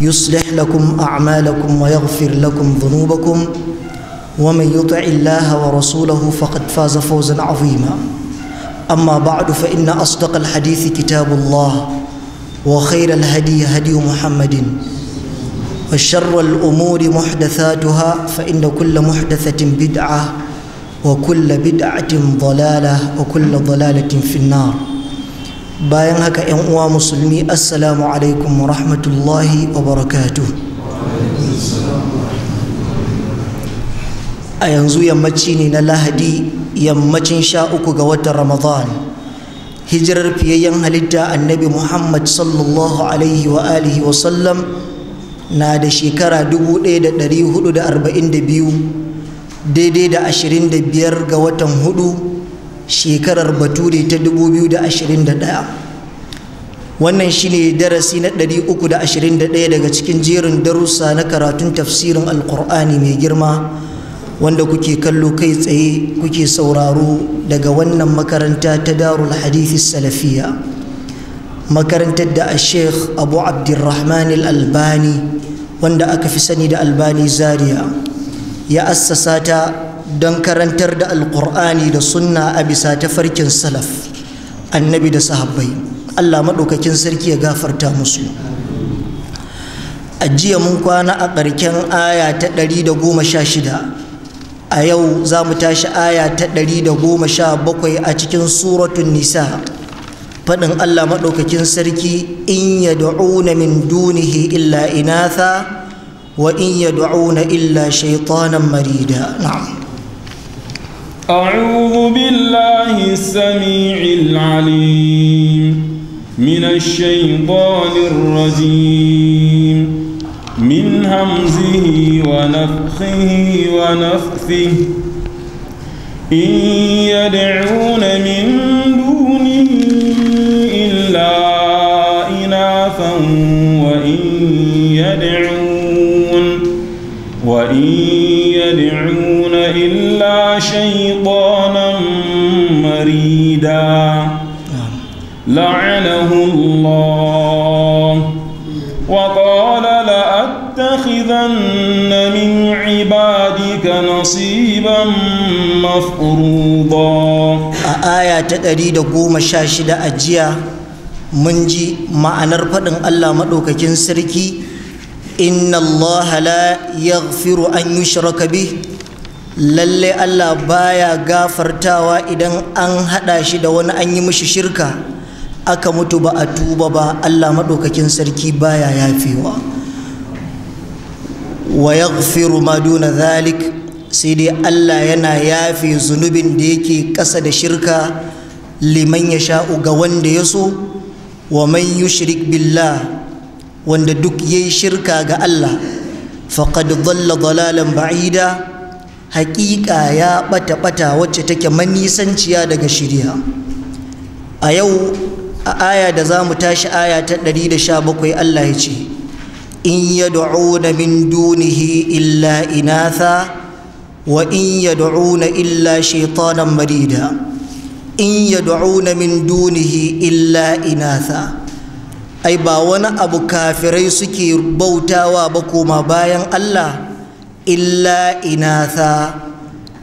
يصلح لكم أعمالكم ويغفر لكم ذنوبكم ومن يطع الله ورسوله فقد فاز فوزا عظيما أما بعد فإن أصدق الحديث كتاب الله وخير الهدي هدي محمد وشر الأمور محدثاتها فإن كل محدثة بدعة وكل بدعة ضلالة وكل ضلالة في النار bayan haka 'yan uwa musulmi assalamu alaikum wa rahmatullahi wa barakatu a yanzu yammaci ne na lahadi yammacin sha uku ga watan ramadan hijirar fiyayyen halitta annabi muhammad sallallahu alaihi wa alihi wa sallam na da shekara 1442 daidai da 25 ga watan hudu shekarar bature ta 2021 wannan shine darasi na 321 daga cikin jerin darussa na karatun tafsirin alkur'ani mai girma wanda kuke kallo kai tsaye kuke sauraro daga wannan makaranta ta darul hadithi salafiya makarantar da sheikh abu abdurrahman al-albani wanda aka fi sani da albani zaria ya assasa ta don karantar da alkur'ani da sunna a bisa farkin salaf annabi da sahabbai allah maɗaukakin sarki ya gafarta musu a jiya mun kwana a ƙarken aya ta 116 a yau za mu tashi aya ta 117 a cikin suratun nisa faɗin allah maɗaukakin sarki in ya da'una min dunihi illa inatha wa in ya da'una illa shaitanan marida na'am أعوذ بالله السميع العليم من الشيطان الرجيم من همزه ونفخه ونفثه إن يدعون من دونه إلا إناثا وإن يدعون وإن يدعون إلا شيطانا مريدا لعنه الله وقال لأتخذن من عبادك نصيبا مفروضا آية تقريد قوم شاشدة أجيا منجي ما أنرفض الله مدوكك سركي إن الله لا يغفر أن يشرك به lalle Allah baya gafartawa idan an hada shi da wani an yi mishi shirka aka mutu ba a tuba ba Allah madaukakin sarki baya yafewa wa yaghfiru ma duna dhalik sai dai Allah yana yafe zunubin da yake ƙasa da shirka liman ya sha'u ga wanda ya so wa man yushrik billah wanda duk yayi shirka ga Allah faqad dhalla dhalalan ba'ida haƙiƙa ya ɓata ɓata wacce take manisanciya daga shirya a yau a aya da za mu tashi aya ta 117 Allah ya ce in yad'una min dunihi illa inatha wa in yad'una illa shaytanan marida in yad'una min dunihi illa inatha ai ba wani abu kafirai suke bautawa ba koma bayan Allah illa inatha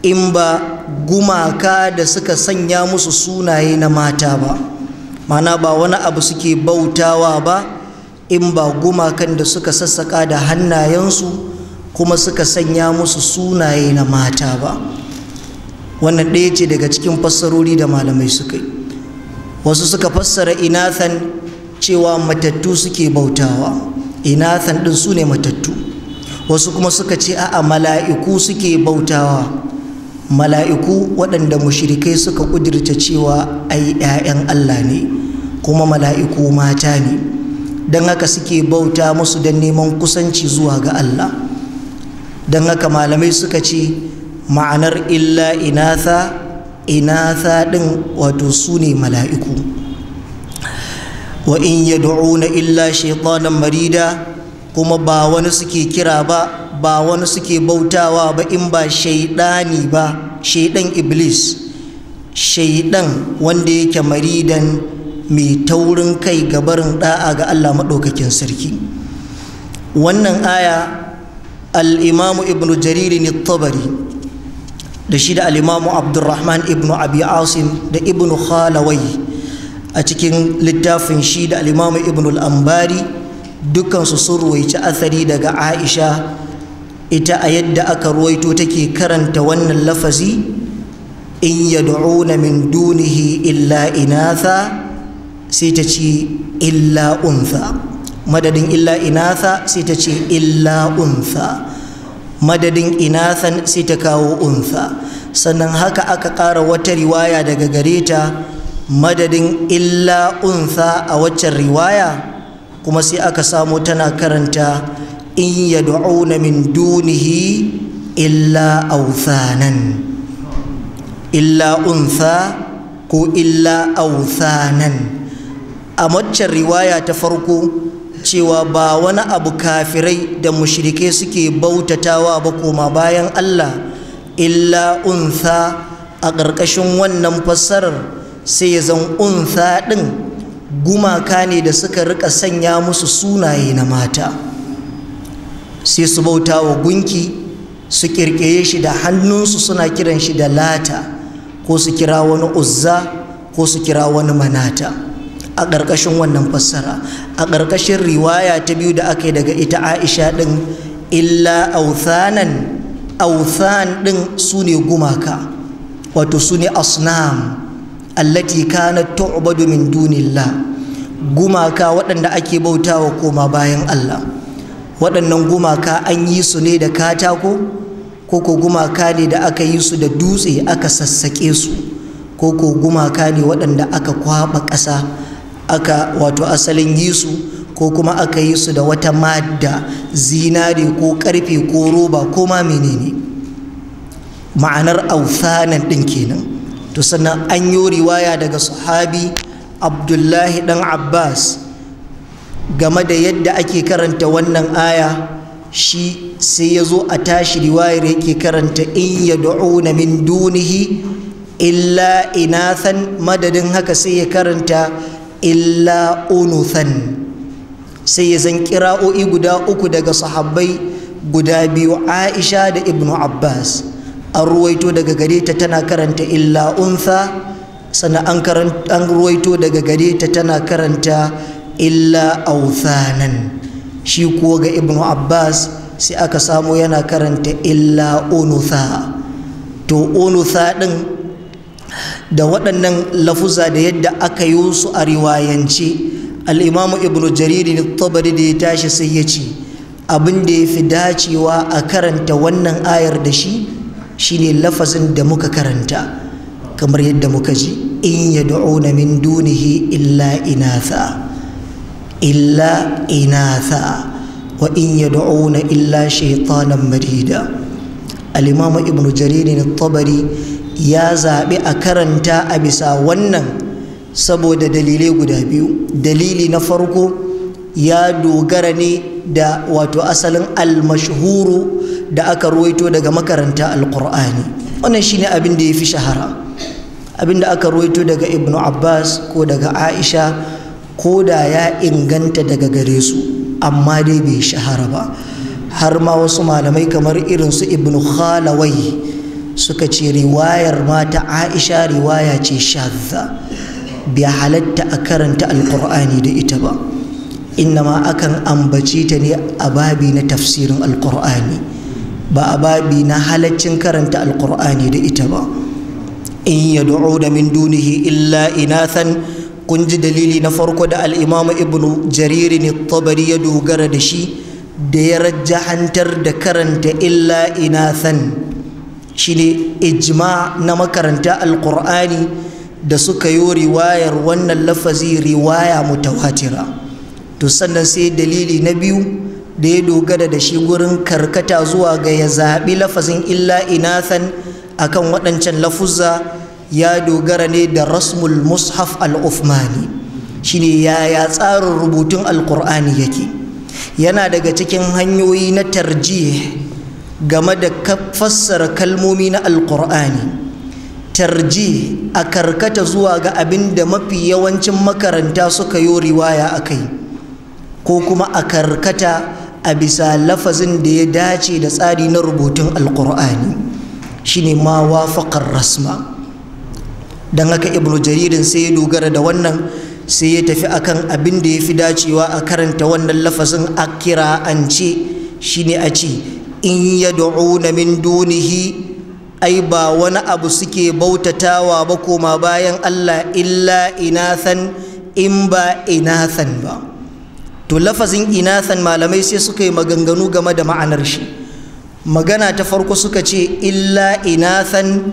in ba gumaka da suka sanya musu sunaye na mata ba mana ba wani abu suke bautawa ba in ba gumakan da suka sassaka da hannayensu kuma suka sanya musu sunaye na mata ba wannan ɗaya ce daga cikin fassarori da malamai suka wasu suka fassara inathan cewa matattu suke bautawa inathan ɗin su ne matattu wasu kuma suka ce a'a mala'iku suke bautawa mala'iku waɗanda mushrikai suka ƙudirta cewa ai 'ya'yan Allah ne kuma mala'iku mata ne don haka suke bauta musu don neman kusanci zuwa ga Allah don haka malamai suka ce ma'anar illa inatha inatha ɗin wato su ne mala'iku wa in dauna illa shaitanan marida kuma ba wani suke kira ba ba wani suke bautawa ba in ba shaidani ba shaidan iblis shaidan wanda yake maridan mai taurin kai gabarin barin da'a ga Allah maɗaukakin sarki wannan aya al-imamu ibn jariri ne tabari da shi da al-imamu abdurrahman ibn abi asim da Ibnu khalawai a cikin littafin shi da al-imamu ibn al-ambari dukansu sun ruwaici asali daga aisha ita a yadda aka ruwaito take karanta wannan lafazi in yad'una min dunihi illa inatha sai ta ce illa untha madadin illa inatha sai ta ce illa untha madadin inathan sai ta kawo untha sannan haka aka ƙara wata riwaya daga gareta madadin illa untha a waccan riwaya kuma sai aka samu tana karanta in ya yad'una min dunihi illa authanan illa untha ko illa authanan a maccan riwaya ta farko cewa ba wani abu kafirai da mushrike suke bautatawa ba koma bayan Allah illa untha a ƙarƙashin wannan fassarar sai ya zan untha ɗin gumaka ne da suka rika sanya musu sunaye na mata sai su bauta wa gunki su kirkeye shi da hannunsu suna kiran shi da lata ko su kira wani uzza ko su kira wani manata a ƙarƙashin wannan fassara a ƙarƙashin riwaya ta biyu da aka yi daga ita aisha ɗin illa authanan authan ɗin su ne gumaka wato su ne asnam allati kanat tu'badu min dunillah gumaka waɗanda ake bautawa koma bayan Allah waɗannan gumaka an yi su ne da katako ko ko gumaka ne da aka yi su da dutse aka sassaƙe su ko ko gumaka ne waɗanda aka kwaɓa ƙasa aka wato asalin yi su ko kuma aka yi su da wata madda zinare ko karfe ko roba ko ma menene ma'anar aufanan ɗin kenan to sannan an yi riwaya daga sahabi abdullahi dan abbas game da yadda ake karanta wannan aya shi sai ya zo a tashi riwayar yake karanta in ya na min dunihi illa inathan madadin haka sai ya karanta illa unuthan sai ya zan kira'o'i guda uku daga sahabbai guda biyu aisha da ibnu abbas an ruwaito daga gare ta tana karanta illa untha sana an ruwaito daga gare ta tana karanta illa authanan shi kuwa ga ibnu abbas sai aka samu yana karanta illa unutha to unutha din da waɗannan lafuza da yadda aka yi su a riwayance al'imamu ibnu jariri tabari da ya tashi sai ya ce abin da ya fi dacewa a karanta wannan ayar da shi shine lafazin da muka karanta kamar yadda muka ji in yad'una min dunihi illa inatha illa inatha wa in yad'una illa shaytanan marida al-imam ibnu jarir at-tabari ya zaɓi a karanta a bisa wannan saboda dalilai guda biyu dalili na farko ya dogara ne da wato asalin almashhuru da aka ruwaito daga makaranta alkur'ani wannan shine abin da ya fi shahara abin da aka ruwaito daga ibnu abbas ko daga aisha ko da ya inganta daga gare su amma dai bai shahara ba har ma wasu malamai kamar irin su ibnu khalawai suka ce riwayar mata aisha riwaya ce shazza bai halatta a karanta alkur'ani da ita ba innama akan ambace ta ne a babi na tafsirin alkur'ani ba a babi na halaccin karanta alkur'ani da ita ba in ya du'u da min dunihi illa inathan kun ji dalili na farko da al'imamu ibnu jariri ne tabari ya dogara da shi da ya rajahantar da karanta illa inathan shi ne ijma na makaranta alkur'ani da suka yi riwayar wannan lafazi riwaya mutawatira to sannan sai dalili na biyu da ya dogara da shi gurin karkata zuwa ga ya zaɓi lafazin illa inathan kan waɗancan lafuzza ya dogara ne da rasmul mushaf al-uthmani shine yaya tsarin rubutun alkur'ani yake yana daga cikin hanyoyi na tarjiya game da fassara kalmomi na alkur'ani tarji a karkata zuwa ga abin da mafi yawancin makaranta suka yi riwaya a kai ko kuma a karkata a bisa lafazin da ya dace da tsari na rubutun alkur'ani shine ma rasma dan haka ibnu jaririn sai ya dogara da wannan sai ya tafi akan abin da ya fi dacewa a karanta wannan lafazin a kira'ance shine a ce in ya min dunihi ai ba wani abu suke bautatawa ba koma bayan Allah illa inathan in ba inathan ba to lafazin inathan malamai sai suka yi maganganu game da ma'anar shi magana ta farko suka ce illa inathan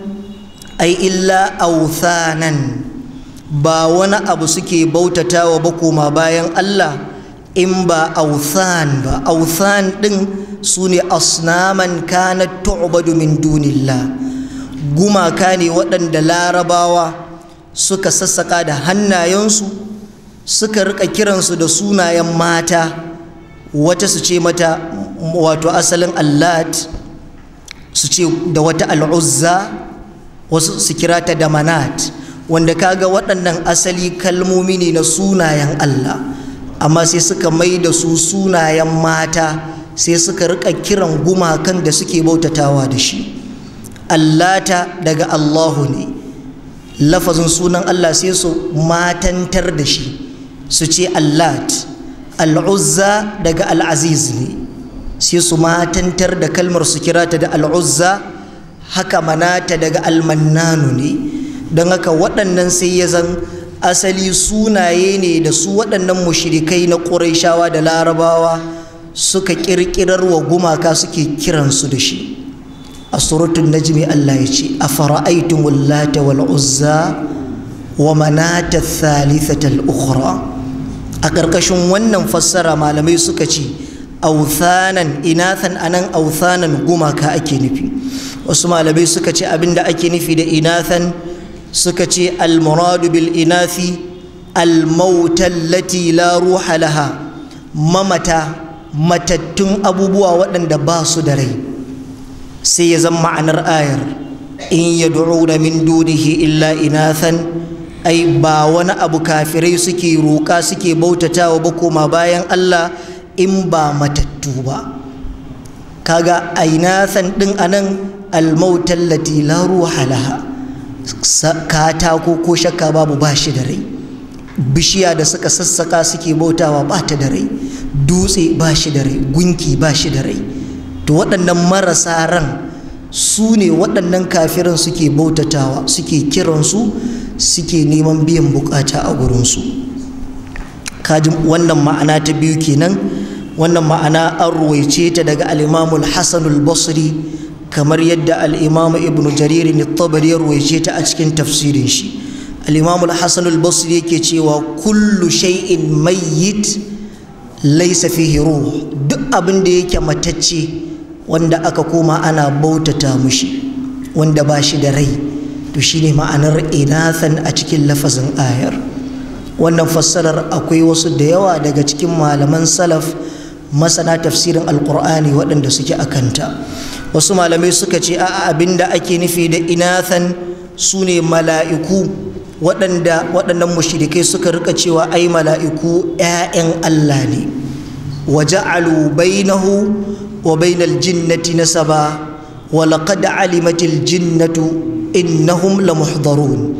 ai illa authanan ba wani abu suke bautatawa ba koma bayan Allah in ba authan ba authan din su ne asnaman kana tu'badu min dunillah gumaka ne waɗanda larabawa suka sassaka da hannayensu suka rika kiransu da sunayen mata wata su ce mata wato asalin allat su ce da wata al'uzza wasu su kira ta da manat wanda kaga waɗannan asali kalmomi ne na sunayen Allah amma sai suka mai da su sunayen mata sai suka rika kiran gumakan da suke bautatawa da shi allata daga Allahu ne lafazin sunan Allah sai su matantar da shi su ce allat al'uzza daga al'aziz ne sai su matantar da kalmar su kira ta da al'uzza haka manata daga almannanu ne don haka waɗannan sai ya zan asali sunaye ne da su waɗannan mushirikai na ƙuraishawa da larabawa suka ƙirƙirar wa gumaka suke kiransu da shi a suratun najmi Allah ya ce a fara'aitun wallata wal wa manata thalithatal ukhra a ƙarƙashin wannan fassara malamai suka ce authanan inathan anan authanan gumaka ake nufi wasu malamai suka ce abinda ake nufi da inathan suka ce almuradu bil inathi almautallati la ruha laha mamata matattun abubuwa waɗanda ba su da rai sai ya zama ma'anar ayar in yad'una min dunihi illa inathan ai ba wani abu kafirai suke roƙa suke bautatawa ba koma bayan Allah in ba matattu ba kaga aina san din anan almautan lati la ruha laha katako ko shakka babu ba da rai bishiya da suka sassaka suke bautawa ba ta da rai dutse ba da rai gunki ba da rai to waɗannan marasa ran su ne waɗannan kafiran suke bautatawa suke kiransu suke neman biyan bukata a gurinsu kajin wannan ma'ana ta biyu kenan wannan ma'ana an ruwaice ta daga Alimamul al basri kamar yadda al'imamu ibn jaririn al-tabari ya ruwaice ta a cikin tafsirin shi al'imamu al basri yake cewa kullu shay'in mayyit laisa fihi ruh duk abin da yake matacce wanda aka koma ana bautata mushi wanda ba shi da rai to shine ma'anar inathan a cikin lafazin ayar wannan fassarar akwai wasu da yawa daga cikin malaman salaf masana tafsirin alkur'ani waɗanda suke a kanta wasu malamai suka ce a abinda ake nufi da inathan su ne mala'iku waɗanda waɗannan mushrikai suka rika cewa ai mala'iku 'ya'yan Allah ne wa ja'alu bainahu wa bainal jinnati nasaba walaƙad alimatil jinnatu innahum lamuhdharun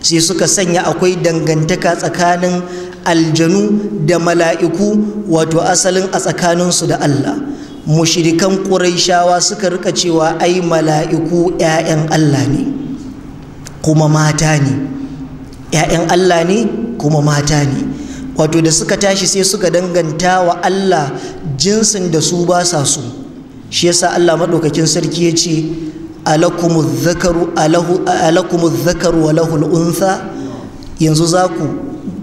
sai suka sanya akwai dangantaka tsakanin aljanu da mala'iku wato asalin a tsakaninsu da Allah mushirikan ƙuraishawa suka rika cewa ai mala'iku 'ya'yan Allah ne kuma mata ne ƴaƴan Allah ne kuma mata ne wato da suka tashi sai suka danganta wa Allah jinsin da su ba sa su shi yasa Allah madaukakin sarki ya ce alakumuz zakaru wa lahul untha yanzu za ku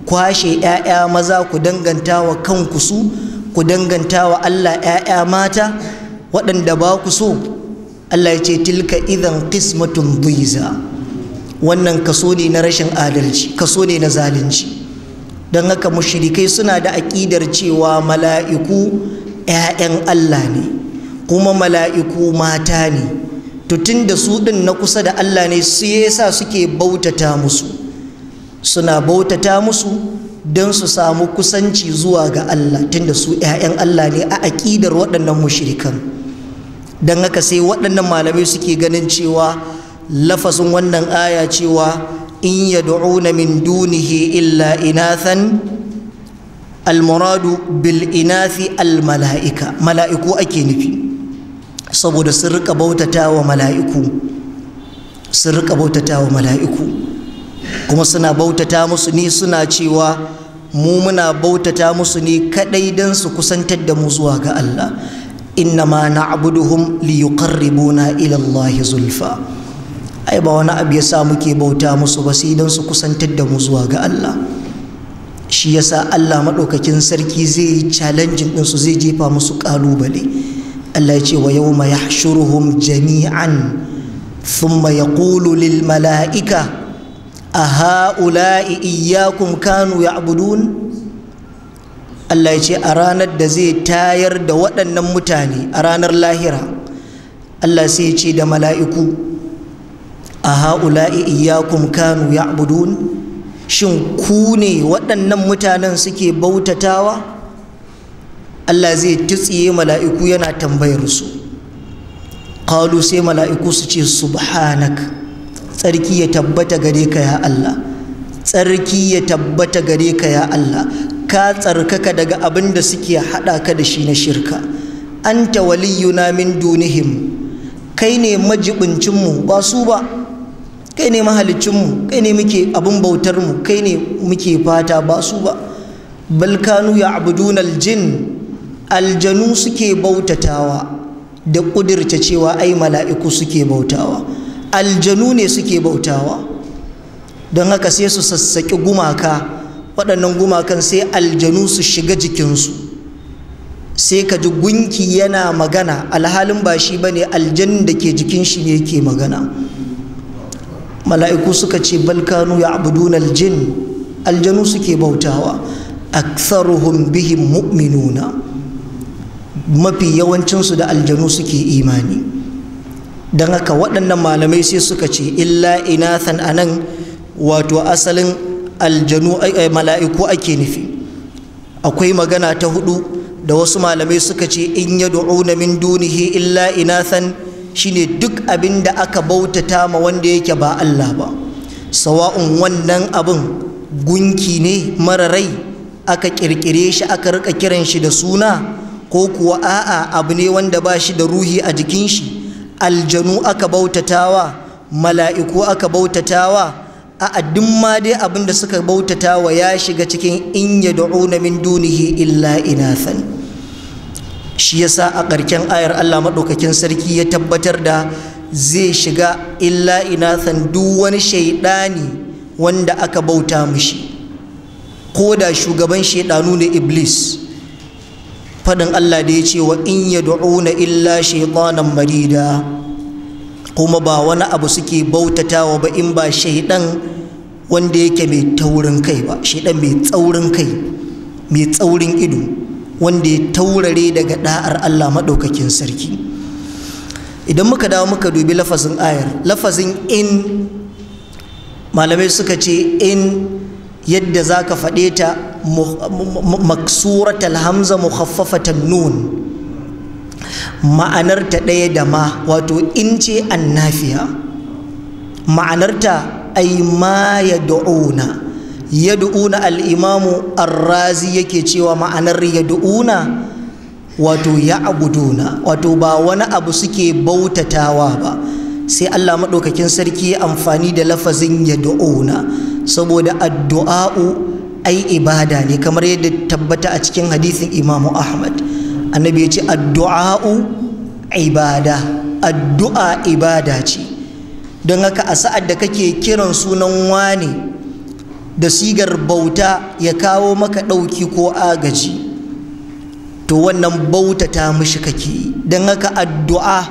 kwashe 'ya'ya maza ku danganta wa kanku su ku danganta wa Allah ƴaƴa mata waɗanda ba ku so Allah ya ce tilka idan qismatun dhiza wannan kaso ne na rashin adalci kaso ne na zalunci don haka mushrikai suna da aƙidar cewa mala'iku ‘ya'yan Allah ne kuma mala'iku mata ne tutun da su ɗin na kusa da Allah ne su yasa suke bautata musu suna bautata musu don su samu kusanci zuwa ga Allah tunda su 'ya'yan Allah ne a aƙidar waɗannan mushrikan don haka sai waɗannan malamai suke ganin cewa lafasin wannan aya cewa in yad'una min dunihi illa inathan almuradu bil inathi al mala'ika mala'iku ake nufi saboda sun rika bautata wa mala'iku sun rika bautata wa mala'iku kuma suna bautata musu ne suna cewa mu muna bautata musu ne kadai don su kusantar da mu zuwa ga Allah innama na'buduhum yuqarribuna ila Allah zulfa ai ba wani abu yasa muke bauta musu ba sai don su kusantar da mu zuwa ga Allah shi yasa Allah madaukakin sarki zai yi din su zai jefa musu kalubale Allah ya ce wa yau yawma yahshuruhum jami'an thumma yaqulu lil mala'ika a ha'ula'i iyakun kanu ya abudun. Allah ya ce a ranar da zai tayar da waɗannan mutane a ranar lahira Allah sai ya ce da mala'iku a ha'ula'i iyakun kanu ya abudun. shin ku ne waɗannan mutanen suke bautatawa Allah zai jitsiye mala'iku yana tambayar su qalu sai mala'iku su ce subhanak tsarki ya tabbata gare ka ya Allah tsarki ya tabbata gare ka ya Allah ka tsarkaka daga abin da suke haɗa ka da shi na shirka anta waliyuna min dunihim kai ne majibincinmu ba su ba kai ne mahalicinmu kai ne muke abin bautarmu kai ne muke fata ba su ba bal kanu ya abudunal jin aljanu suke bautatawa da ƙudirta cewa ai mala'iku suke bautawa aljanu ne suke bautawa don haka sai su sassaƙi gumaka waɗannan gumakan sai aljanu su shiga jikinsu sai ka ji gunki yana magana alhalin ba shi ba ne aljan da ke jikin shi ne ke magana mala'iku suka ce balkanu ya abudun aljin aljanu suke bautawa aktharuhum bihim mu'minuna mafi yawancinsu da aljanu suke imani don haka waɗannan malamai sai suka ce illa inathan anan wato asalin aljanu mala'iku ake nufi akwai magana ta hudu da wasu malamai suka ce in ya du'una min dunihi illa inathan shine duk abin da aka bautata ma wanda yake ba Allah ba sawa'un wannan abin gunki ne mararai aka kirkire shi aka rika kiran shi da suna ko kuwa a'a abu ne wanda ba shi da ruhi a jikin shi aljanu aka bautatawa mala'iku aka bautatawa a'a addin ma dai abin da suka bautatawa ya shiga cikin in ya da'una min dunihi illa inathan shi yasa a ƙarshen ayar Allah maɗaukakin sarki ya tabbatar da zai shiga illa inathan duk wani ne wanda aka bauta mishi ko da shugaban shaidanu ne iblis faɗin Allah da ya ce wa in ya dauna illa shaitanan marida kuma ba wani abu suke bautatawa ba in ba shaidan wanda yake mai taurin kai ba shaidan mai tsaurin kai mai tsaurin ido wanda ya taurare daga da'ar Allah maɗaukakin sarki idan muka dawo muka dubi lafazin ayar lafazin in malamai suka ce in yadda za ka faɗe ta maksuratal hamza mukhaffafatan nun ma'anarta ɗaya da ma wato in ce annafiya ma'anarta ai ma ya du'una ya du'una al'imamu arrazi yake cewa ma'anar ya du'una wato ya abuduna wato ba wani abu suke bautatawa ba sai Allah maɗaukakin sarki amfani da lafazin ya du'una saboda addu'a'u ai ibada ne kamar yadda tabbata a cikin hadisin imamu ahmad annabi ya ce addu'a'u ibada addu'a ibada ce don haka a sa'ad da kake kiran sunan Wani da sigar bauta ya kawo maka ɗauki ko agaji to wannan bauta bautata mishi kake don haka addu'a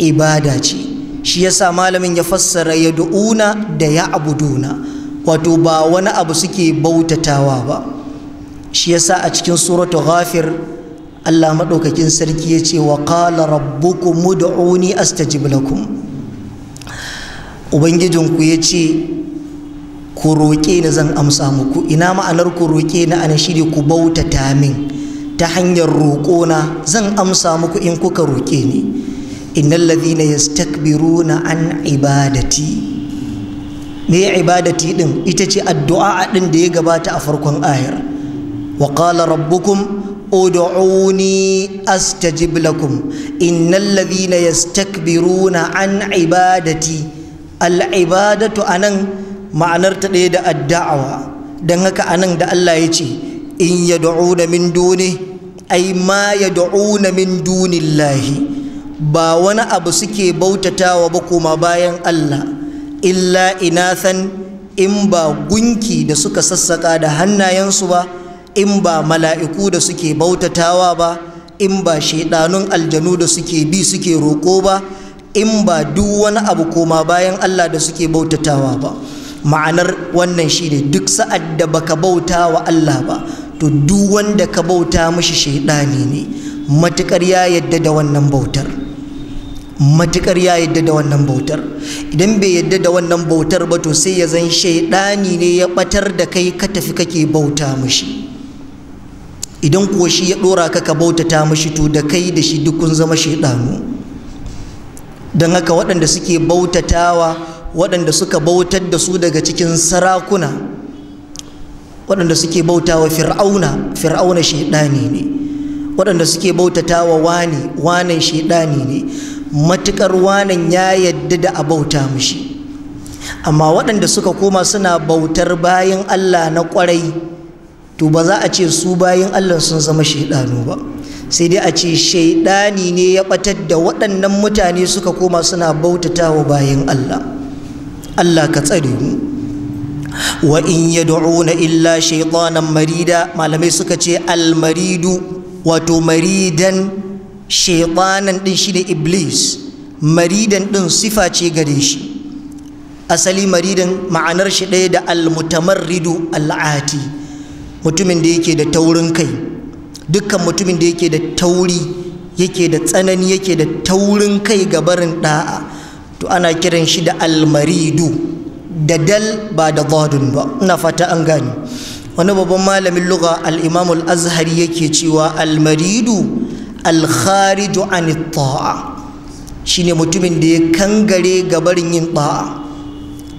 ibada ce shi yasa malamin ya fassara ya du'una da ya abuduna wato ba wani abu suke bautatawa ba shi yasa a cikin suratu ghafir Allah maɗaukakin sarki ya ce wa qala rabbukum mud'uni astajib lakum ubangijinku ya ce ku roƙe ni zan amsa muku ina ma'anar ku roƙe ni ana shiri ku bautata min ta hanyar roƙona zan amsa muku in kuka roƙe ni innal ladhina yastakbiruna an ibadati me ibadati din ita ce addu'a din da ya gabata a farkon ayar wa qala rabbukum ud'uni astajib lakum innal ladhina yastakbiruna an ibadati al ibadatu anan ma'anar ta ɗaya da addawa dan haka anan da Allah ya ce in yad'una min duni ay ma yad'una min dunillahi ba wani abu suke bautatawa ba koma bayan Allah illa inathan in ba gunki da suka sassaka da hannayensu ba in ba mala'iku da suke bautatawa ba in ba shaidanun aljanu da suke bi suke roƙo ba in ba duk wani abu koma bayan Allah da suke bautatawa ba ma'anar wannan shi ne duk sa'ad da baka bauta wa Allah ba to duk wanda ka bauta mishi shaidani ne matukar ya yadda da wannan bautar matukar ya yadda da wannan bautar idan bai yadda da wannan bautar ba to sai ya zan shaidani ne ya batar da kai ka tafi kake bauta mishi idan kuwa shi ya dora ka ka bautata mishi to da kai da shi duk kun zama shaidanu don haka waɗanda suke bautatawa waɗanda suka bautar da su daga cikin sarakuna waɗanda suke bautawa fir'auna fir'auna shaidani ne waɗanda suke bautatawa wani wanan shaidani ne matuƙar wanan ya yadda da a bauta mishi amma waɗanda suka koma suna bautar bayan Allah na ƙwarai to ba za a ce su bayan Allah sun zama shaidanu ba sai dai a ce shaidani ne ya ɓatar da waɗannan mutane suka koma suna bautata wa bayan Allah Allah ka tsare mu wa in yad'una illa shaytanan marida malamai suka ce al maridu wato maridan shaitanan ɗin shi ne iblis maridan ɗin sifa ce gare shi asali maridan ma'anar shi ɗaya da almutamarridu al'ati mutumin da yake da taurin kai dukkan mutumin da yake da tauri yake da tsanani yake da taurin kai ga barin ɗa'a to ana kiran shi da almaridu da dal ba da zadun ba ina fata an gani wani babban malamin lugha al-imamul azhari yake cewa almaridu alkhariju an ta'a shine mutumin da ya kangare gabarin yin ta'a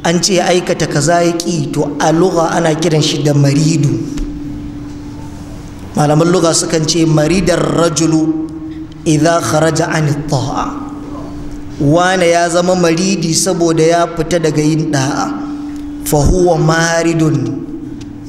an ce ya aikata kaza ya ƙi to a lugha ana kiran shi da maridu malaman lugha sukan ce maridar rajulu idza kharaja an ta'a wane ya zama maridi saboda ya fita daga yin da'a fa huwa maridun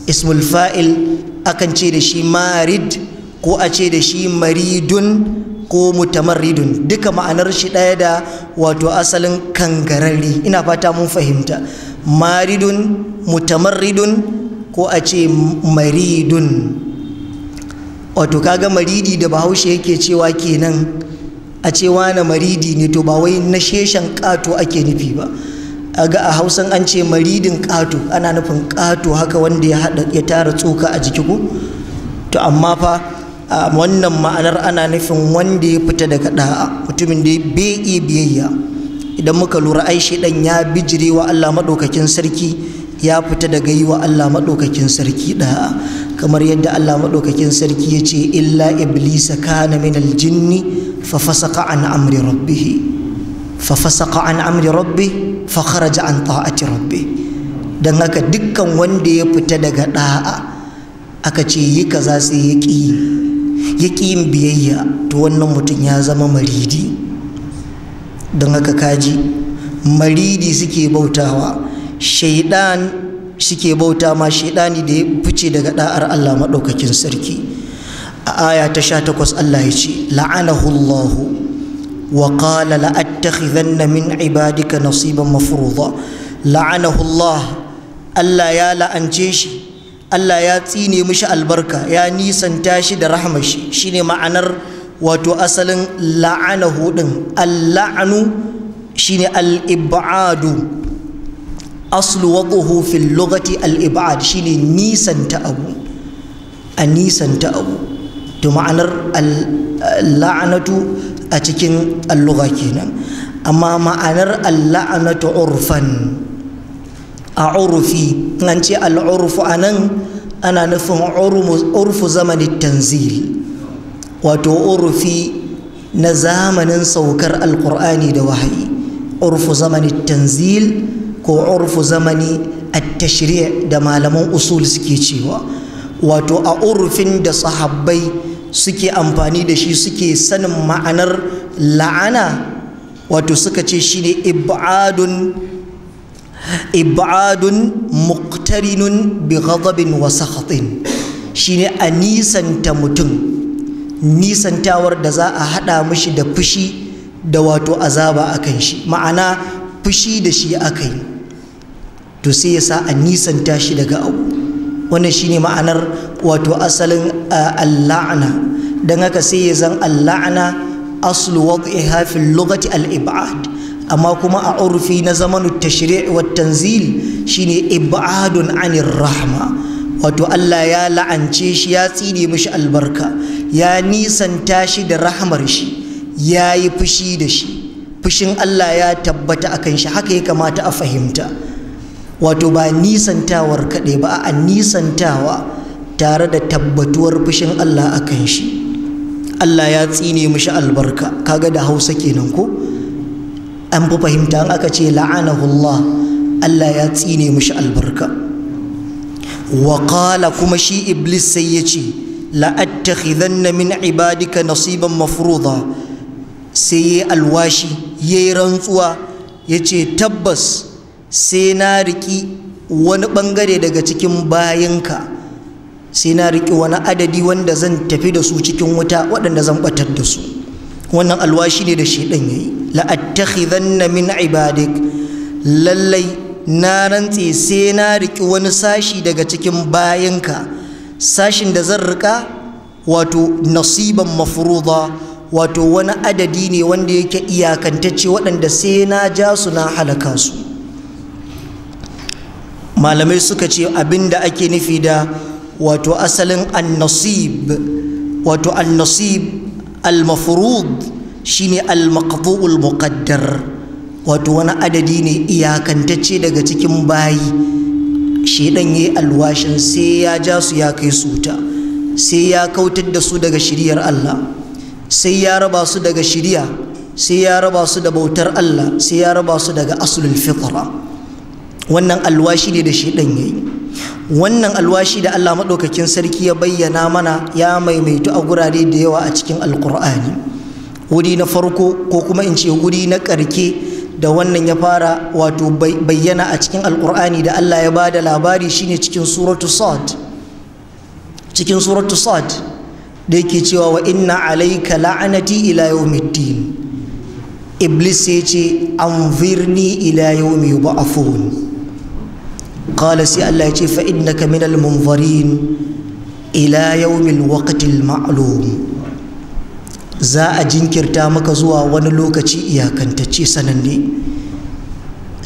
ismul fa'il akan ce da shi marid ko a ce da shi maridun ko mutamaridun duka ma'anar shi ɗaya da wato asalin kangararri ina fata mun fahimta maridun mutamaridun ko a ce maridun wato kaga maridi da bahaushe yake cewa kenan a ce na maridi ne to ba wai na sheshen ƙato ake nufi ba a ga a hausan an ce maridin ƙato ana nufin ƙato haka wanda ya tara tsoka a jiki ko to amma fa wannan ma'anar ana nufin wanda ya fita daga da'a mutumin da ya iya biyayya idan muka lura ai ɗan ya bijire wa Allah madaukakin sarki ya fita daga yi wa Allah madaukakin sarki da'a kamar yadda Allah madaukakin sarki ya ce illa iblisa kana min aljinni fa fasaqa an amri rabbih fa fasaqa an amri rabbih fa kharaja an ta'ati rabbih dan haka dukkan wanda ya fita daga da'a aka ce yi kaza sai ya ƙi ya ƙi yin biyayya ta wannan mutum ya zama maridi don haka kaji maridi suke bautawa shaidan suke bauta ma shaidani da ya fice daga da'ar Allah maɗaukakin sarki a aya ta sha takwas Allah ya ce la'anahullahu wa qala la'attakhidanna min ibadika nasiban mafruḍa la'anahullah Allah ya la'ance shi Allah ya tsine mishi albarka ya nisanta shi da rahmar shi shine ma'anar wato asalin la'anahu din al-la'anu shine al-ib'adu aslu waduhu fil lughati al-ib'ad shine nisanta abu a nisanta abu to ma'anar al-la'anatu a cikin al-lugha kenan amma ma'anar al-la'anatu urfan a urufi nan ce al'urfu a nan ana nufin urufu zamanin tanzil wato urufi na zamanin saukar alkur'ani da wahayi urufu zamanin tanzil ko urufu zamani a tashri da malaman usul suke cewa wato a urufin da sahabbai suke amfani da shi suke sanin ma'anar la'ana wato suka ce shine ib'adun ibadun muktarinun bi ghadabin wa sakhatin shine a nisanta mutum nisantawar da za a hada mishi da fushi da wato azaba akan shi ma'ana fushi da shi aka yi to sai ya sa a nisanta shi daga abu wannan shine ma'anar wato asalin eh, al-la'na dan haka sai ya zan al-la'na aslu wad'iha fi al-lughati al-ib'ad amma kuma a urfi na zamanu tashri' wa tanzil shine ibadun anir rahma wato Allah ya la'ance shi ya tsine mishi albarka ya nisanta shi da rahmar shi ya yi fushi da shi fushin Allah ya tabbata akan shi haka ya kamata a fahimta wato ba nisantawar kaɗai ba a nisantawa tare da tabbatuwar fushin Allah akan shi Allah ya tsine mishi albarka kaga da Hausa kenan ko an fi fahimta aka ce la'anahullah Allah ya tsine mishi albarka wa qala kuma shi iblis sai ya ce la'attakhidanna min ibadika nasiban mafruḍa sai yayi alwashi yayi rantsuwa yace tabbas sai na riki wani bangare daga cikin bayanka sai na riki wani adadi wanda zan tafi da su cikin wuta waɗanda zan batar da su wannan alwashi ne da ɗan yayi la na min ibadik lallai na rantse sai na riki wani sashi daga cikin bayanka sashin da zan rika wato nasiban mafruda wato wani adadi ne wanda yake iyakantacce waɗanda sai na ja su na halaka su malamai suka ce abin da ake nufi da wato asalin annasib wato annasib al-mafrud shine al-maqtu'ul muqaddar wato wani adadi ne iyakantacce daga cikin bayi shedan yayi alwashin sai ya ja su ya kai su ta sai ya kautar da su daga shiriyar Allah sai ya raba su daga shiriya sai ya raba su da bautar Allah sai ya raba su daga asulul fitra wannan alwashi ne da shedan yayi wannan alwashi da Allah maɗaukakin sarki ya bayyana mana ya maimaitu a gurare da yawa a cikin Alƙur'ani. wuri na farko ko kuma in ce wuri na ƙarke da wannan ya fara wato bayyana a cikin Alƙur'ani da Allah ya ba da labari shine cikin suratu sad cikin suratu sad da yake cewa wa inna alaika la'anati ila yawmiddin iblis ya ce anzirni ila yawmi yub'athun qala sai Allah ya ce fa innaka minal munzarin ila yawmil waqtil ma'lum za a jinkirta maka zuwa wani lokaci iyakantacce sananne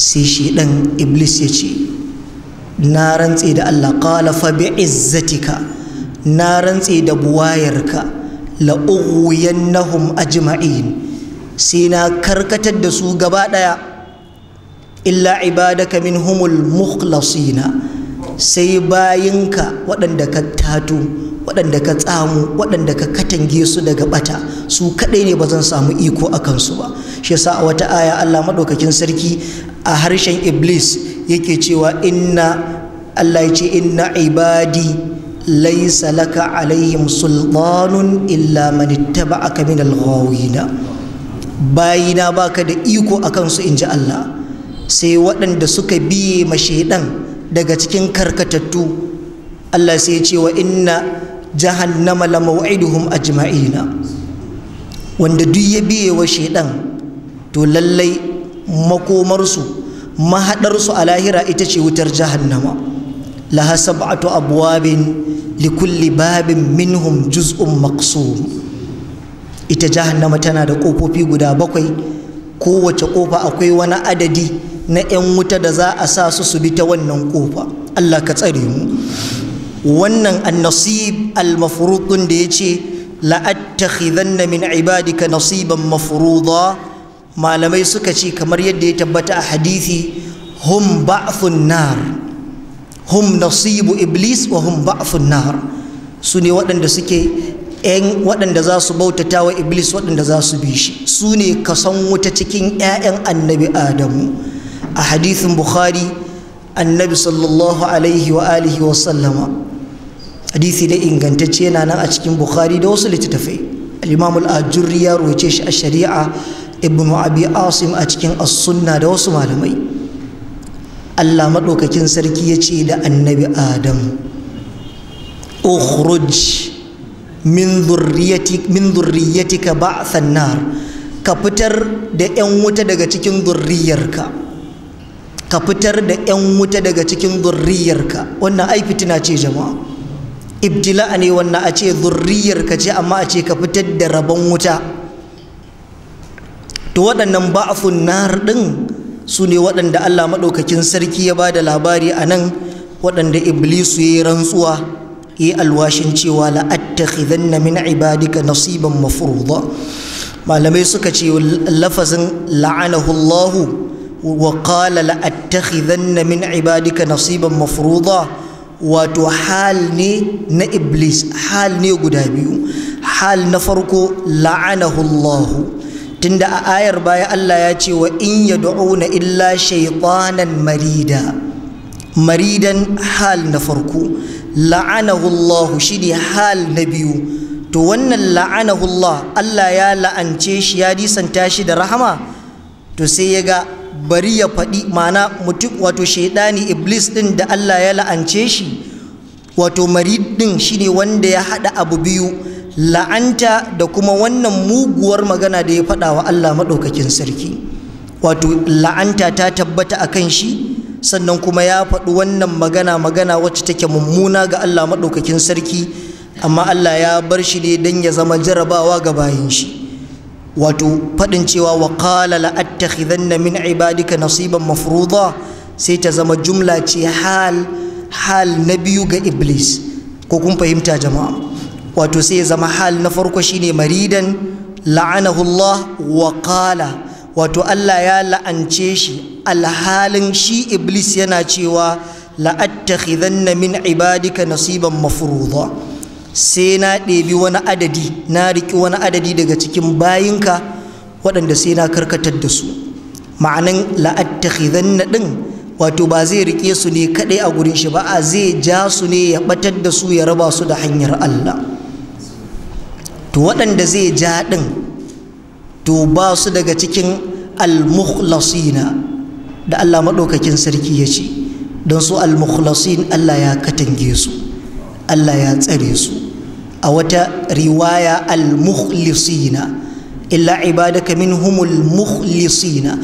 sai shi dan iblis ya ce na rantse da Allah qala fa bi'izzatika na rantse da buwayarka la ughwiyannahum ajma'in sai na karkatar da su gaba daya illa ibadaka minhumul mukhlasina sai bayinka waɗanda ka tato waɗanda ka tsamu waɗanda ka katange su daga bata su kaɗai ne ba zan samu iko a kansu ba shi yasa a wata aya Allah maɗaukakin sarki a harshen iblis yake cewa inna Allah ya ce inna ibadi laysa laka alaihim sultanun illa man ittaba'aka min al-ghawina bayina baka da iko akan su inji Allah sai waɗanda suka biye shaiɗan daga cikin karkatattu Allah sai ya ce wa inna jahannama la maw'iduhum ajma'ina wanda duk ya biye wa shaiɗan. to lallai makomarsu mahadarsu a lahira ita ce wutar jahannama laha sab'atu abwabin li kulli babin minhum juz'un maqsum ita jahannama tana da kofofi guda bakwai kowace kofa akwai wani adadi na 'yan wuta da za a sa su su bi ta wannan kofa Allah ka tsare mu wannan annasib ɗin da ya ce la'attakhidanna min ibadika nasiban mafruda malamai suka ce kamar yadda ya tabbata a hadithi hum ba'thun nar hum nasibu iblis wa hum ba'thun nar su ne waɗanda suke 'yan waɗanda za su bautata wa iblis waɗanda za su bi shi su ne kasan wuta cikin 'ya'yan annabi adamu a hadithin bukhari annabi sallallahu alaihi wa alihi wa sallama hadithi da ingantacce yana nan a cikin bukhari da wasu littattafai al'imamul imam ya roce shi a shari'a Ibn abi asim a cikin as-sunna da wasu malamai Allah maɗaukakin sarki ya ce da annabi Adamu ukhruj min dhurriyatik min ka ba ka fitar da yan wuta daga cikin zurriyarka ka fitar da yan wuta daga cikin zurriyarka wannan ai fitina ce jama'a ibtila'a ne wannan a ce zurriyarka ce amma a ce ka fitar da rabon wuta to waɗannan a nar din su ne waɗanda Allah maɗaukakin sarki ya ba da labari a nan waɗanda iblisu ya yi rantsuwa ya yi alwashin cewa la'at لأتخذن من عبادك نصيبا مفروضا ما لم يسكت لفظ لعنه الله وقال لأتخذن من wato hal ne na iblis hal ne guda biyu hal na farko la'anahullahu tunda a ayar baya Allah ya ce wa in yad'una illa shaytanan marida maridan hal na farko la'anahu Allah ne hal na biyu to wannan la'anahu Allah ya la'ance shi ya disanta shi da rahama to sai ya ga bari ya faɗi mana mutum wato shaidani iblis ɗin da Allah ya la'ance shi wato marid ɗin ne wanda ya haɗa abu biyu la'anta da kuma wannan muguwar magana da ya faɗa wa Allah maɗaukakin sarki wato la'anta ta tabbata a kan shi sannan kuma ya faɗi wannan magana magana wacce take mummuna ga Allah maɗaukakin sarki amma Allah ya bar shi ne don ya zama jarabawa ga bayan shi wato faɗin cewa wa qala la attakhidanna min ibadika nasiban mafruḍa sai ta zama jumla ce hal hal na biyu ga iblis ko kun fahimta jama'a wato sai ya zama hal na farko shine maridan la'anahu Allah wa qala wato Allah ya la'ance shi alhalin shi iblis yana cewa la'attakhidanna min ibadika nasiban mafruḍa sai na ɗebi wani adadi na riƙi wani adadi daga cikin bayinka waɗanda sai na karkatar da su ma'anan la'attakhidanna ɗin wato ba zai rike su ne kaɗai a gurin shi ba a zai ja su ne ya batar da su ya raba su da hanyar Allah to waɗanda zai ja ɗin. to ba su daga cikin al-mukhlasina da Allah madaukakin sarki ya ce don su al-mukhlasin Allah ya katange su Allah ya tsare su a wata riwaya al-mukhlasina illa ibadaka minhumul al-mukhlasina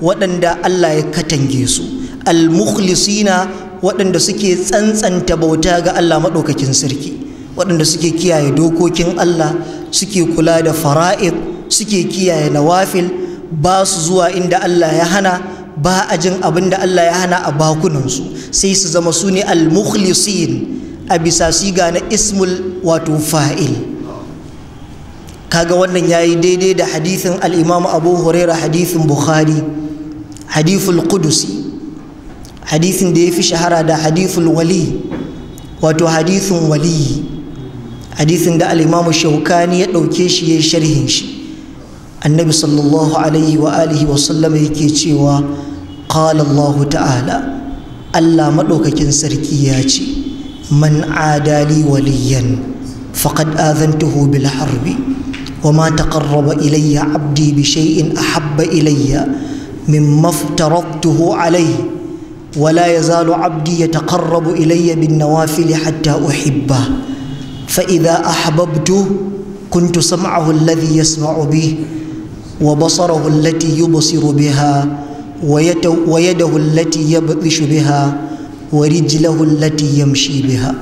waɗanda Allah ya katange su al-mukhlasina waɗanda suke tsantsanta bauta ga Allah madaukakin sarki waɗanda suke kiyaye dokokin Allah suke kula da fara'id suke kiyaye nawafil ba su zuwa inda Allah ya hana ba a jin abin da Allah ya hana a bakunansu sai su zama su ne al-mukhlisin a bisa siga na ismul wato fa'il kaga wannan yayi daidai da hadithin al-Imam Abu Huraira hadithin Bukhari hadithul Qudusi hadithin da ya fi shahara da hadithul wali wato hadithin waliyi hadisin da alimamu shaukani ya ɗauke shi ya sharhin shi annabi sallallahu alaihi wa yake cewa qala allah ta'ala allah maɗaukakin sarki ya ce man adali waliyan faqad azantuhu bil harbi wa ma taqarraba ilayya abdi bi shay'in ahabba ilayya mimma aftaraktuhu alayhi wala la yazalu abdi ya yataqarrabu ilayya bin nawafil hatta uhibba فإذا أحببت كنت سمعه الذي يسمع به وبصره التي يبصر بها ويده التي يبطش بها ورجله التي يمشي بها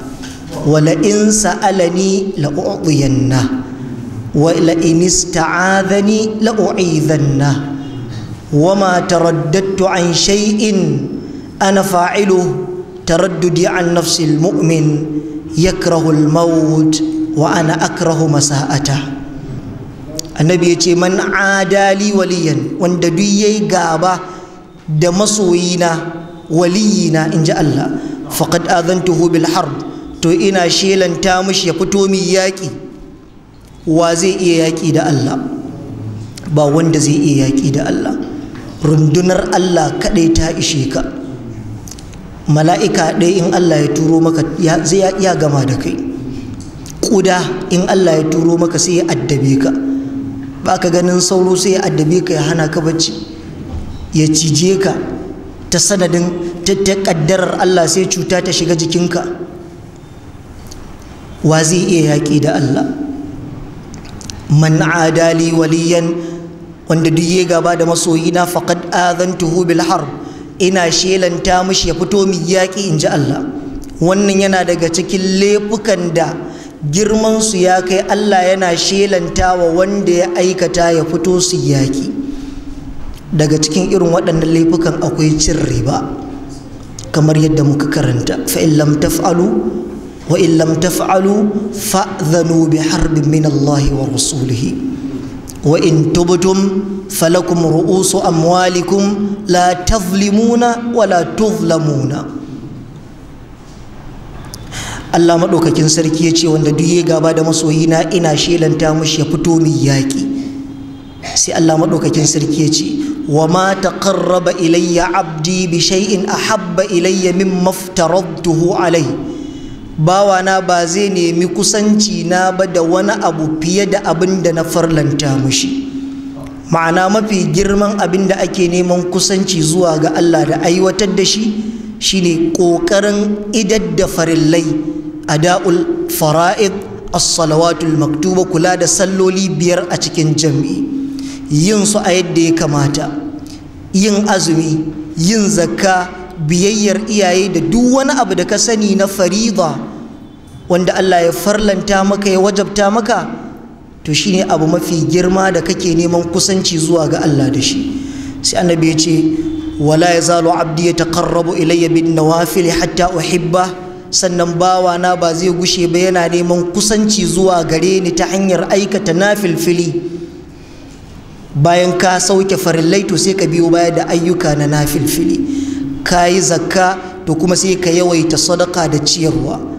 ولئن سألني لأعطينه ولئن استعاذني لأعيذنه وما ترددت عن شيء أنا فاعله ترددي عن نفس المؤمن yakrahu al-maut wa ana akrahu masa'ata annabi ya ce man adali waliyan wanda duk yayi gaba da masoyina waliyina inji Allah faqad adantuhu bil harb to ina shelanta mishi ya fito mi yaki wa zai iya yaki da Allah ba wanda zai iya yaki da Allah rundunar Allah kaɗai ta ishe ka mala'ika ɗaya in Allah ya turo maka zai ya gama da kai ƙuda in Allah ya turo maka sai ya addabe ka ba ka ganin sauro sai ya addabe ka ya hana ka bacci ya cije ka ta sanadin ta ƙaddarar Allah sai cuta ta shiga jikinka wa zai iya yaƙi da Allah man adali waliyan wanda duk ya gaba da masoyina faqad adantuhu bil harb ina shelanta mushi ya fito min yaƙi in ji Allah wannan yana daga cikin laifukan da girman su ya kai Allah yana shelanta wa wanda ya aikata ya fito su yaƙi daga cikin irin waɗannan laifukan akwai cin riba kamar yadda muka karanta fa in lam taf'alu wa in lam taf'alu fa'dhanu bi harbin min Allah wa rasulihi wa in tubtum falakum ru'usu amwalikum la tazlimuna wala la tuzlamuna Allah madaukakin sarki yace wanda duk ya gaba da masoyina ina shelanta mushi ya fito min yaƙi sai Allah maɗaukakin sarki yace wa ma taqarraba ilayya abdi bi shay'in ahabba ilayya mimma aftaradtuhu alayhi bawana ba zai nemi kusanci na ba da wani abu fiye da abin da na farlanta mushi ma'ana mafi girman abin da ake neman kusanci zuwa ga Allah da aiwatar da shi shine ƙoƙarin idar da farillai ada'ul fara'id as-salawatul maktuba kula da salloli biyar a cikin jami'i. yin su a yadda ya kamata yin azumi yin zakka biyayyar iyaye da duk wani abu da ka sani na farida wanda Allah ya farlanta maka ya wajabta maka to shi ne abu mafi girma da kake neman kusanci zuwa ga Allah da shi sai annabi ya ce wala ya zalo abdi ya yataqarrabu ilayya bin nawafil hatta uhibba sannan bawa na ba zai gushe ba yana neman kusanci zuwa gare ni ta hanyar aikata nafilfili bayan ka sauke farillai to sai ka biyo baya da ayyuka na nafilfili ka yi zakka to kuma sai ka yawaita sadaka da ciyarwa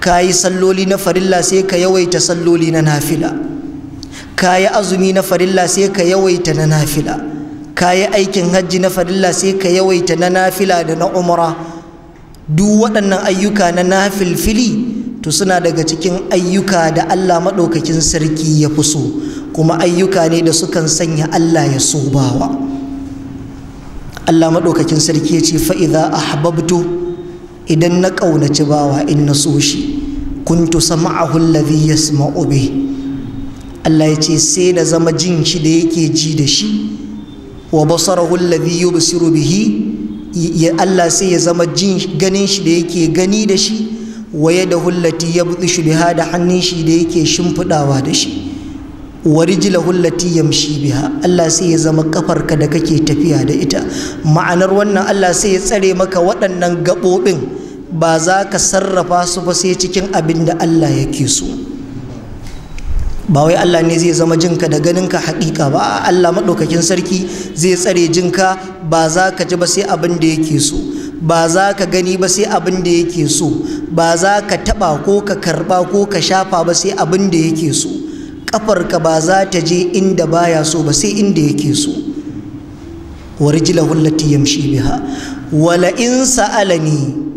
Kayi salloli na farilla sai ka yawaita salloli na nafila Kayi azumi na farilla sai ka yawaita na nafila Kayi aikin hajji na farilla sai ka yawaita na nafila da na umra duk waɗannan ayyuka na nafilfili to suna daga cikin ayyuka da Allah maɗaukakin sarki ya fi so kuma ayyuka ne da sukan sanya Allah ya so bawa Allah maɗaukakin sarki ya ce fa'iza ahbabtu idan na ƙaunaci bawa in na so shi kuntu sama'ahu alladhi yasma'u bih Allah ya ce sai na zama jin shi da yake ji da shi wa basarahu alladhi yubsiru bihi ya Allah sai ya zama jin ganin shi da yake gani da shi wa yadahu allati yabdishu biha da hannun shi da yake shimfidawa da shi wa rijlahu allati yamshi biha Allah sai ya zama kafarka da kake tafiya da ita ma'anar wannan Allah sai ya tsare maka waɗannan gaɓoɓin ba za ka sarrafa su ba sai cikin abin da Allah yake so ba wai Allah ne zai zama jinka da ganin ka haƙiƙa ba Allah maɗaukakin sarki zai tsare jinka ba za ka ji ba sai abin da yake so ba za ka gani ba sai abin da yake so ba za ka taɓa ko ka karɓa ko ka shafa ba sai abin da yake so Ƙafarka ba za ta je inda baya so ba sai inda yake so wa rijlahu allati yamshi biha wala in sa'alani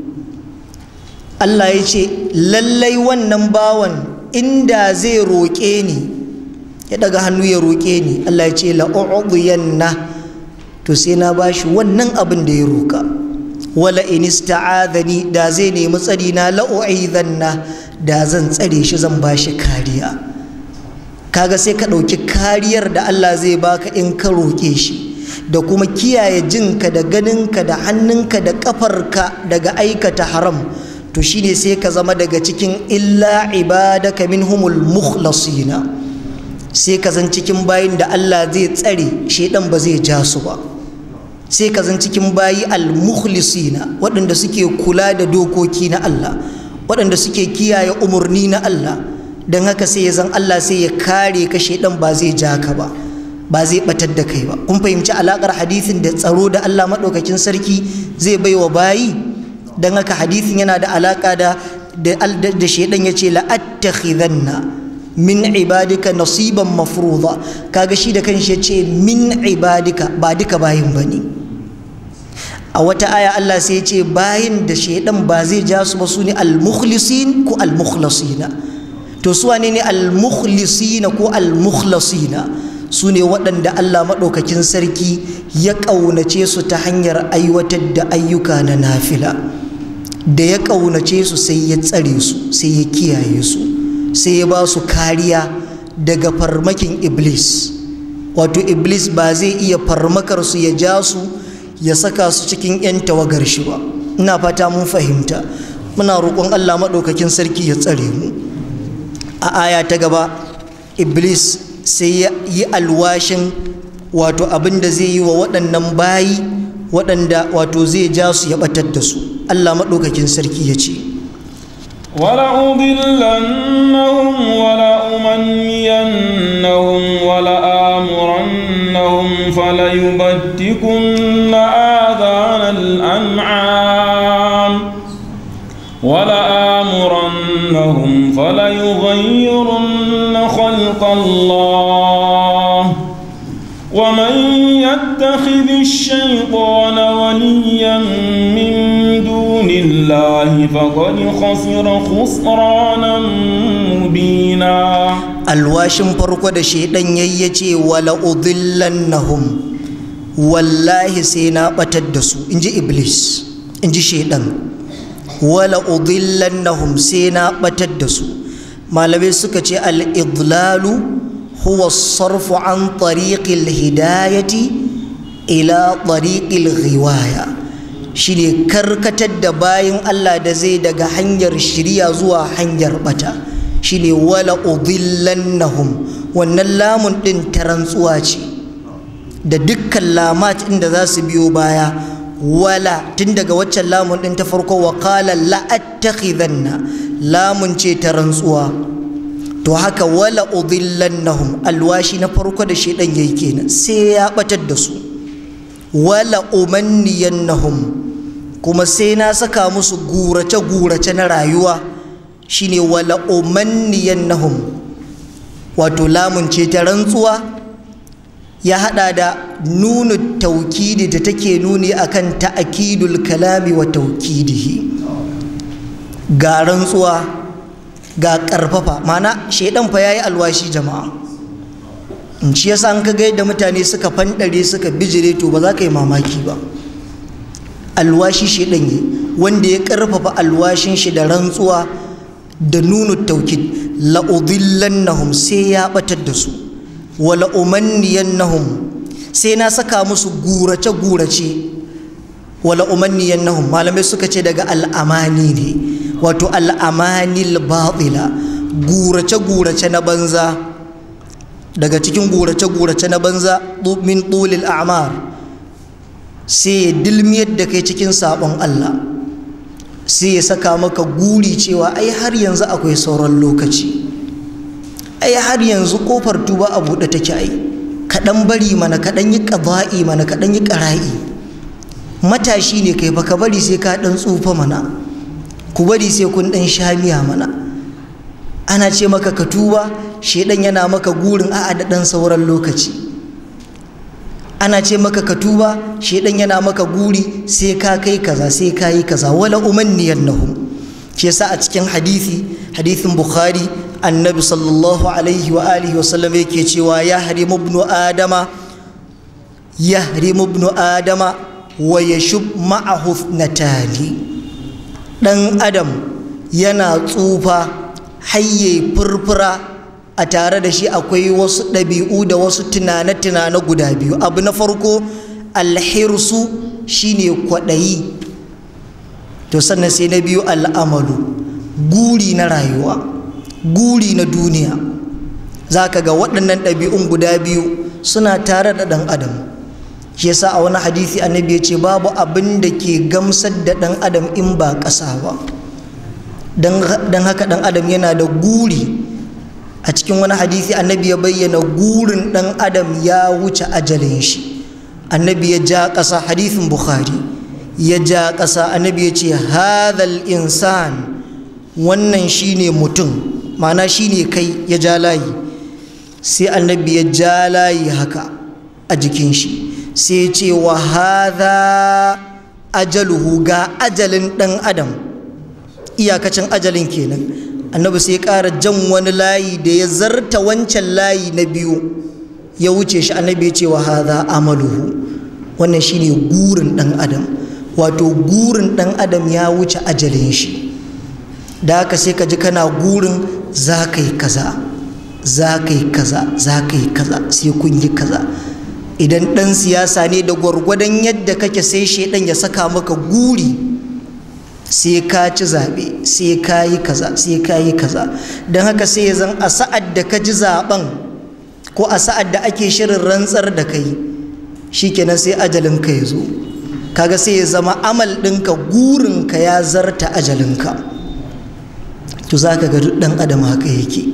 Allah ya ce lallai wannan bawan inda zai roƙe ni ya daga hannu ya roƙe ni Allah ya ce la u'diyanna to sai na bashi wannan abin da ya roƙa wala in ista'adhani da zai nemi tsari na la u'izanna da zan tsare shi zan bashi kariya kaga sai ka ɗauki kariyar da Allah zai baka in ka roƙe shi da kuma kiyaye jinka da ganinka da hannunka da ƙafarka daga aikata haram to shine sai ka zama daga cikin illa ibadaka minhumul mukhlasina sai ka zan cikin bayin da Allah zai tsare shedan ba zai ja su ba sai ka zan cikin bayi al mukhlisina waɗanda suke kula da dokoki na Allah waɗanda suke kiyaye umarni na Allah Dan haka sai ya zan Allah sai ya kare ka shaidan ba zai ja ka ba ba zai batar da kai ba kun fahimci alakar hadisin da tsaro da Allah maɗaukakin sarki zai bai wa bayi don haka hadisin yana da alaka da da shaidan ya ce la'attakhidanna min ibadika nasiban mafruḍa kaga shi da kanshi ya ce min ibadika ba duka bayin bane a wata aya Allah sai ya ce bayin da shaidan ba zai ja su ba su ne al-mukhlisin ko al-mukhlasina to su wane ne al ko al-mukhlasina su ne waɗanda Allah maɗaukakin sarki ya ƙaunace su ta hanyar aiwatar da ayyuka na nafila da ya ƙaunace su sai ya tsare su sai ya kiyaye su sai ya ba su kariya daga farmakin iblis wato iblis ba zai iya farmakar su ya ja su ya saka su cikin 'yan tawagar shi ba ina fata mun fahimta muna roƙon Allah maɗaukakin sarki ya tsare mu a aya ta gaba iblis sai ya yi alwashin wato abin da zai yi wa waɗannan bayi waɗanda wato zai ja su ya ɓatar da su allah maɗaukakin sarki ya ce ولأضلنهم ولأمنينهم ولآمرنهم فليبتكن آذان الأنعام فليغيرن خلق الله ومن يتخذ الشيطان وليا من دون الله فقد خسر خسرانا مبينا الواشم فرقد شيطان ييتي ولا أضلنهم والله سينا بتدسو إنجي إبليس إنجي شيطان wala udillannahum sai na batar da su malamai suka ce al-idlalu huwa sarfu an tariqil hidayati ila tariqil riwaya shine karkatar da bayin Allah da zai daga hanyar shiriya zuwa hanyar bata shine wala udillannahum wannan lamun din tarantsuwa ce da dukkan lamat inda za su biyo baya wala tun daga waccan lamun din ta farko wa qala la attakhidanna lamun ce ta rantsuwa to haka wala hum alwashi na farko da shedan yayi kenan sai ya batar da su wala umanniyannahum kuma sai na saka musu gurace gurace na rayuwa shine wala umanniyannahum wato lamun ce ta rantsuwa ya hada da nunu taukidi da take nuni akan ta'akidul kalami wa taukidihi ga rantsuwa ga karfafa mana shaidan fa yayi alwashi jama'a in shi yasa an ka da mutane suka fandare suka bijire to ba za ka yi mamaki ba alwashi shaidan yi wanda ya karfafa alwashin shi da rantsuwa da nunu taukid la'udillannahum sai ya batar da su wala nahum sai na saka musu gurace gurace wala nahum malamai suka ce daga al'amani ne wato al'amanil batila gurace gurace na banza daga cikin gurace gurace na banza min tulil a'mar sai ya dilmiyar da kai cikin sabon Allah sai ya saka maka guri cewa ai har yanzu akwai sauran lokaci ai har yanzu kofar tuba a buɗe take ai kaɗan bari mana kaɗan yi ƙaba'i mana kaɗan yi ƙara'i matashi ne kai baka bari sai ka ɗan tsufa mana ku bari sai kun ɗan shamiya mana ana ce maka ka tuba shedan yana maka gurin a'a da ɗan sauran lokaci ana ce maka ka tuba shedan yana maka guri sai ka kai kaza sai ka yi kaza wala umanniyannahum ke sa a cikin hadisi hadisin bukhari annabi sallallahu alaihi wa alihi wa yake cewa ya harimu ibnu adama ya harimu ibnu adama wa yashub ma'ahu natali dan adam yana tsufa hayye furfura a tare da shi akwai wasu ɗabi'u da wasu tunane-tunane guda biyu abu na farko alhirsu shine kwaɗayi to sannan sai na biyu al'amalu guri na rayuwa guri na duniya za ka ga waɗannan ɗabi'un guda biyu suna tare da ɗan adam shi yasa a wani hadisi annabi ya ce babu abin da ke gamsar da ɗan adam in ba ƙasa ba don haka ɗan adam yana da guri a cikin wani hadisi annabi ya bayyana gurin ɗan adam ya wuce ajalin shi annabi ya ja ƙasa hadisin bukhari ya ja ƙasa annabi ya ce hadhal insan wannan shine mutum ma'ana shi ne kai ya ja layi sai annabi ya ja layi haka a jikin shi sai ya ce wa haza ajaluhu ga ajalin ɗan adam iyakacin ajalin kenan annabi sai ya ƙara jan wani layi da ya zarta wancan layi na biyu ya wuce shi annabi ya ce wa haza amaluhu wannan shi ne gurin ɗan adam wato gurin ɗan adam ya wuce ajalin shi da haka sai ka ji kana gurin za ka yi kaza za ka yi kaza za ka yi kaza sai kun yi kaza idan ɗan siyasa ne da gwargwadon yadda kake sai shaidan ya saka maka guri sai ka ci zaɓe sai ka yi kaza sai ka yi kaza don haka sai ya zan a sa'ad da ka ji zaɓen ko a sa'ad da ake shirin rantsar da kai shikenan sai ajalin ka ya zo kaga sai ya zama amal ɗinka gurinka ya zarta ajalinka to za ka ga duk ɗan adam haka yake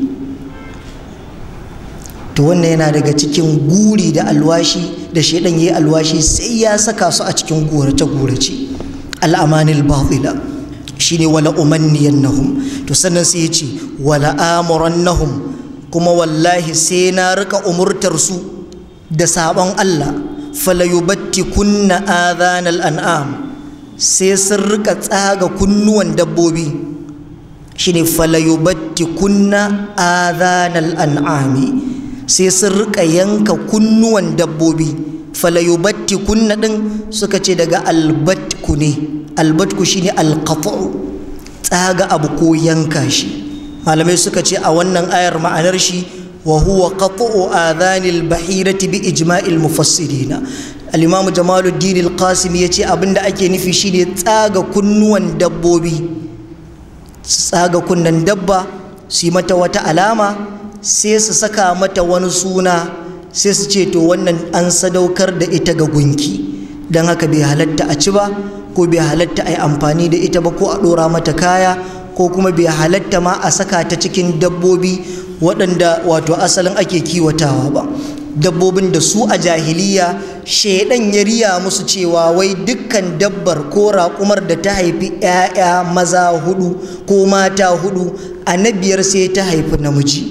to wannan yana daga cikin guri da alwashi da shaidan ya yi alwashi sai ya saka su a cikin gorace-gorace al'amanil batila shine wala Nahum. to sannan sai ya ce wala nahum kuma wallahi sai na rika umurtar su da sabon Allah falayubatti kunna adhanal an'am sai sun rika tsaga kunnuwan dabbobi shine falayubattikunna adhanal an'ami sai sun rika yanka kunnuwan dabbobi kunna din suka ce daga albatku ne albatku shine alqat'u tsaga abu ko yanka shi malamai suka ce a wannan ayar ma'anar shi wa huwa qat'u adhanil bahirati bi ijma'il mufassirina al-imam jamaluddin al-qasim yace abinda ake nufi shine tsaga kunnuwan dabbobi su tsaga kunnen dabba su yi mata wata alama sai su saka mata wani suna sai su ce to wannan an sadaukar da ita ga gunki don haka bai halatta a ci ba ko bai halatta a yi amfani da ita ba ko a ɗora mata kaya ko kuma bai halatta ma a saka ta cikin dabbobi waɗanda wato asalin ake kiwatawa ba dabbobin da su a jahiliya shaidan ya riya musu cewa wai dukkan dabbar ko raƙumar da ta haifi 'ya'ya maza hudu ko mata hudu a na biyar sai ta haifi namiji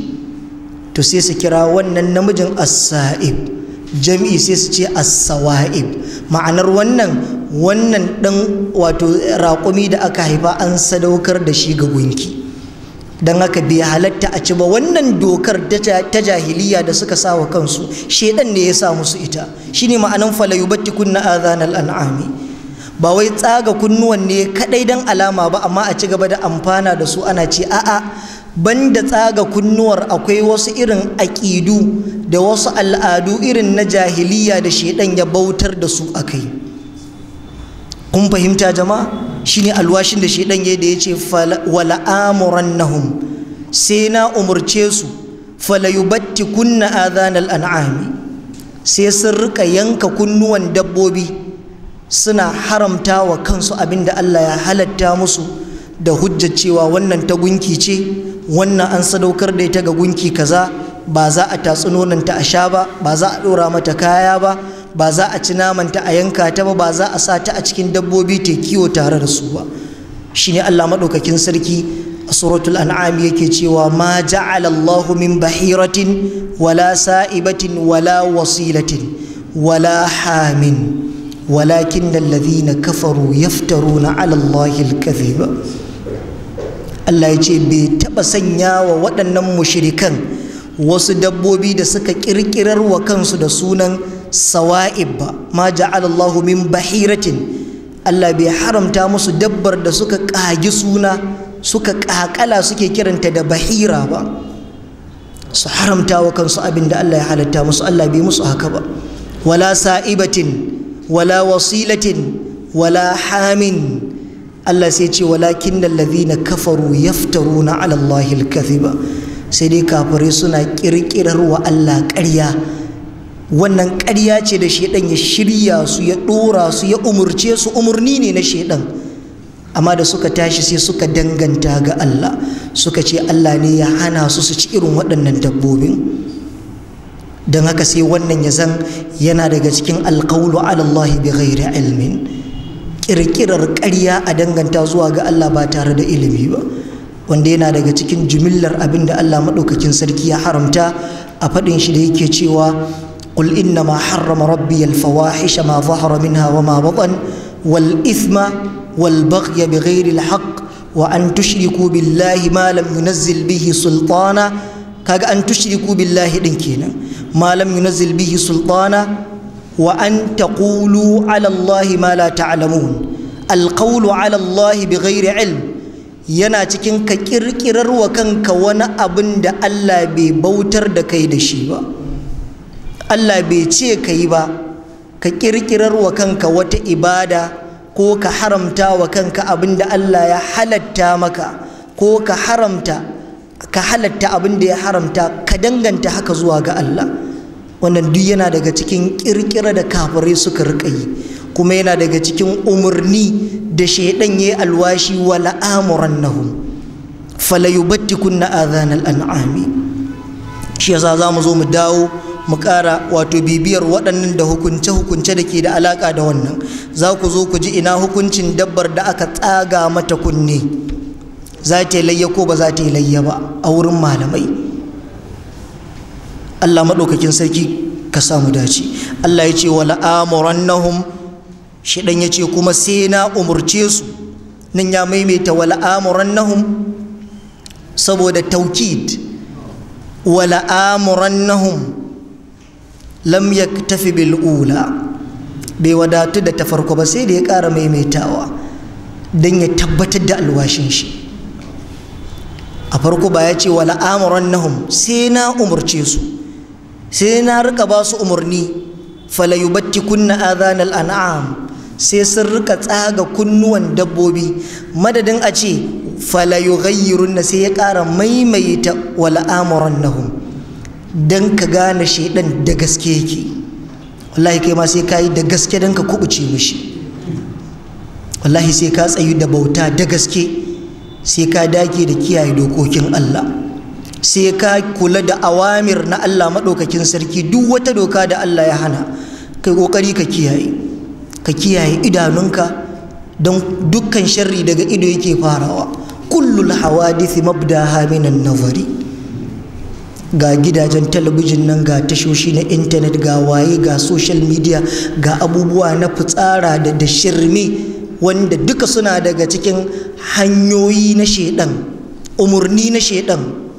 to sai su kira wannan namijin as-sa'ib jami'i sai su ce as-sawa'ib ma'anar wannan wannan ɗan wato raƙumi da aka haifa an sadaukar da shi ga gunki don haka bai halatta a ci ba wannan dokar ta jahiliya da suka sawa kansu shedan ne ya sa musu ita shine ma'anan falayubatti kunna na azanal an'ami ba wai tsaga kunnuwan ne kadai dan alama ba amma a ci gaba da amfana da su ana ce a'a banda tsaga kunnuwar akwai wasu irin aƙidu da wasu al'adu irin na jahiliya da shedan ya bautar da su akai kun fahimta jama'a shine alwashin da shedan ya da yace wala amurannahum sai na umurce su fala kunna adhanal an'ami sai sun rika yanka kunnuwan dabbobi suna haramta wa kansu abinda Allah ya halatta musu da hujjar cewa wannan ta gunki ce wannan an sadaukar da ita ga gunki kaza ba za a tatsi a sha ba ba za a ɗora mata kaya ba ba za a ci namanta a yanka ta ba ba za a sa ta a cikin dabbobi ta kiwo tare da su ba shine Allah madaukakin sarki a suratul an'am yake cewa ma ja'ala Allahu min bahiratin wala sa'ibatin wala wasilatin wala hamin walakin alladhina kafaru yaftaruna 'ala Allahi al-kadhiba Allah ya ce bai taɓa sanya wa waɗannan mushirikan wasu dabbobi da suka ƙirƙirar wa kansu da sunan Sawa'iba ba ma ja'alallahu min bahiratin Allah bai haramta musu dabbar da suka ƙagi suna suka ƙaƙala suke kiranta da bahira ba su haramta wa kansu abin da Allah ya halatta musu Allah bai musu haka ba wala sa'ibatin wala wasilatin wala hamin Allah sai ce walakin allazina kafaru yaftaruna ala Allahil kadhiba sai dai kafirai suna kirkirar wa Allah ƙarya wannan ƙarya ce da shaidan ya shirya su ya ɗora su ya umurce su umurni ne na shaidan amma da suka tashi sai suka danganta ga Allah suka ce Allah ne ya hana su su ci irin waɗannan dabbobin don haka sai wannan ya zan yana daga cikin alƙawulu ala Allah bi ghairi ilmin ƙirƙirar ƙarya a danganta zuwa ga Allah ba tare da ilimi ba wanda yana daga cikin jimillar abin da Allah maɗaukakin sarki ya haramta a faɗin shi da yake cewa قل إنما حرم ربي الفواحش ما ظهر منها وما بطن والإثم والبغي بغير الحق وأن تشركوا بالله ما لم ينزل به سلطانا كاغا أن تشركوا بالله دنكينا ما لم ينزل به سلطانا وأن تقولوا على الله ما لا تعلمون القول على الله بغير علم yana cikin ka kirkirar wa kanka wani abin da Allah bai bautar da kai da shi ba Allah bai ce ka yi ba ka ƙirƙirar wa kanka wata ibada ko ka haramta wa kanka abin da Allah ya halatta maka ko ka haramta ka halatta abin da ya haramta ka danganta haka zuwa ga Allah wannan duk yana daga cikin ƙirƙira da kafirai suka riƙa yi kuma yana daga cikin umarni da shaidan ya alwashi wa la'amuran nahum falayubattikun azanal an'ami shi yasa za mu zo mu dawo mu ƙara wato bibiyar waɗannan da hukunce-hukunce da ke da alaƙa da wannan za ku zo ku ji ina hukuncin dabbar da aka tsaga mata kunne za ta layya ko ba za ta yi layya ba a wurin malamai Allah maɗaukakin sarki ka samu dace Allah ya ce wala amurannahum shi dan ya ce kuma sai na umurce su nan ya maimaita wala amurannahum saboda taukid wala amurannahum lam yaktafi bil ula bai wadatu da ta farko ba sai da ya ƙara maimaitawa don ya tabbatar da alwashin shi a farko ba ya ce wala amuran nahum sai na umarce su sai na rika ba su umarni fala yubatti kunna adhanal an'am sai sun rika tsaga kunnuwan dabbobi madadin a ce fala yughayyirunna sai ya ƙara maimaita wala amuran nahum Dan ka gane shaidan da gaske yake wallahi kai ma sai ka yi da gaske dan ka kubuce mishi wallahi sai ka tsayu da bauta da gaske sai ka dake da kiyaye dokokin Allah sai ka kula da awamir na Allah maɗaukakin sarki duk wata doka da Allah ya hana kai ƙoƙari ka kiyaye ka kiyaye idanunka don dukkan sharri daga ido yake farawa kullul hawadisi mabdaha minan nazari ga gidajen talabijin nan ga tashoshi na intanet ga waye ga social media ga abubuwa na fitsara da da shirme wanda duka suna daga cikin hanyoyi na shaidan umurni na shaidan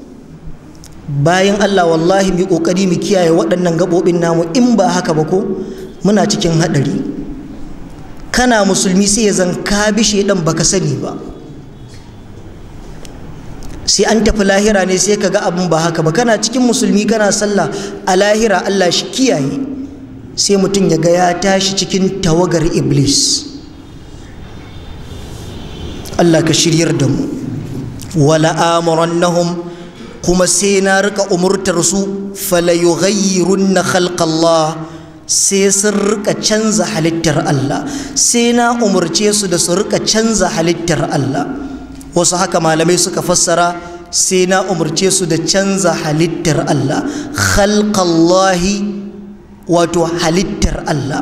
bayan allah wallahi mu kokari mu kiyaye waɗannan gaɓoɓin namu in ba haka ba ko muna cikin haɗari kana musulmi sai ya zan ka bi shaidan baka sani ba sai an tafi lahira ne sai ka ga abin ba haka ba kana cikin musulmi kana sallah a lahira Allah shi kiyaye sai mutum ya ga ya tashi cikin tawagar iblis Allah ka shiryar da mu wala amurannahum kuma sai na rika umurtar su fala yughayyirunna khalqallah sai sun rika canza halittar Allah sai na umurce su da su rika canza halittar Allah wasu haka malamai suka fassara sai na umarce su da canza halittar Allah khalqallahi wato halittar Allah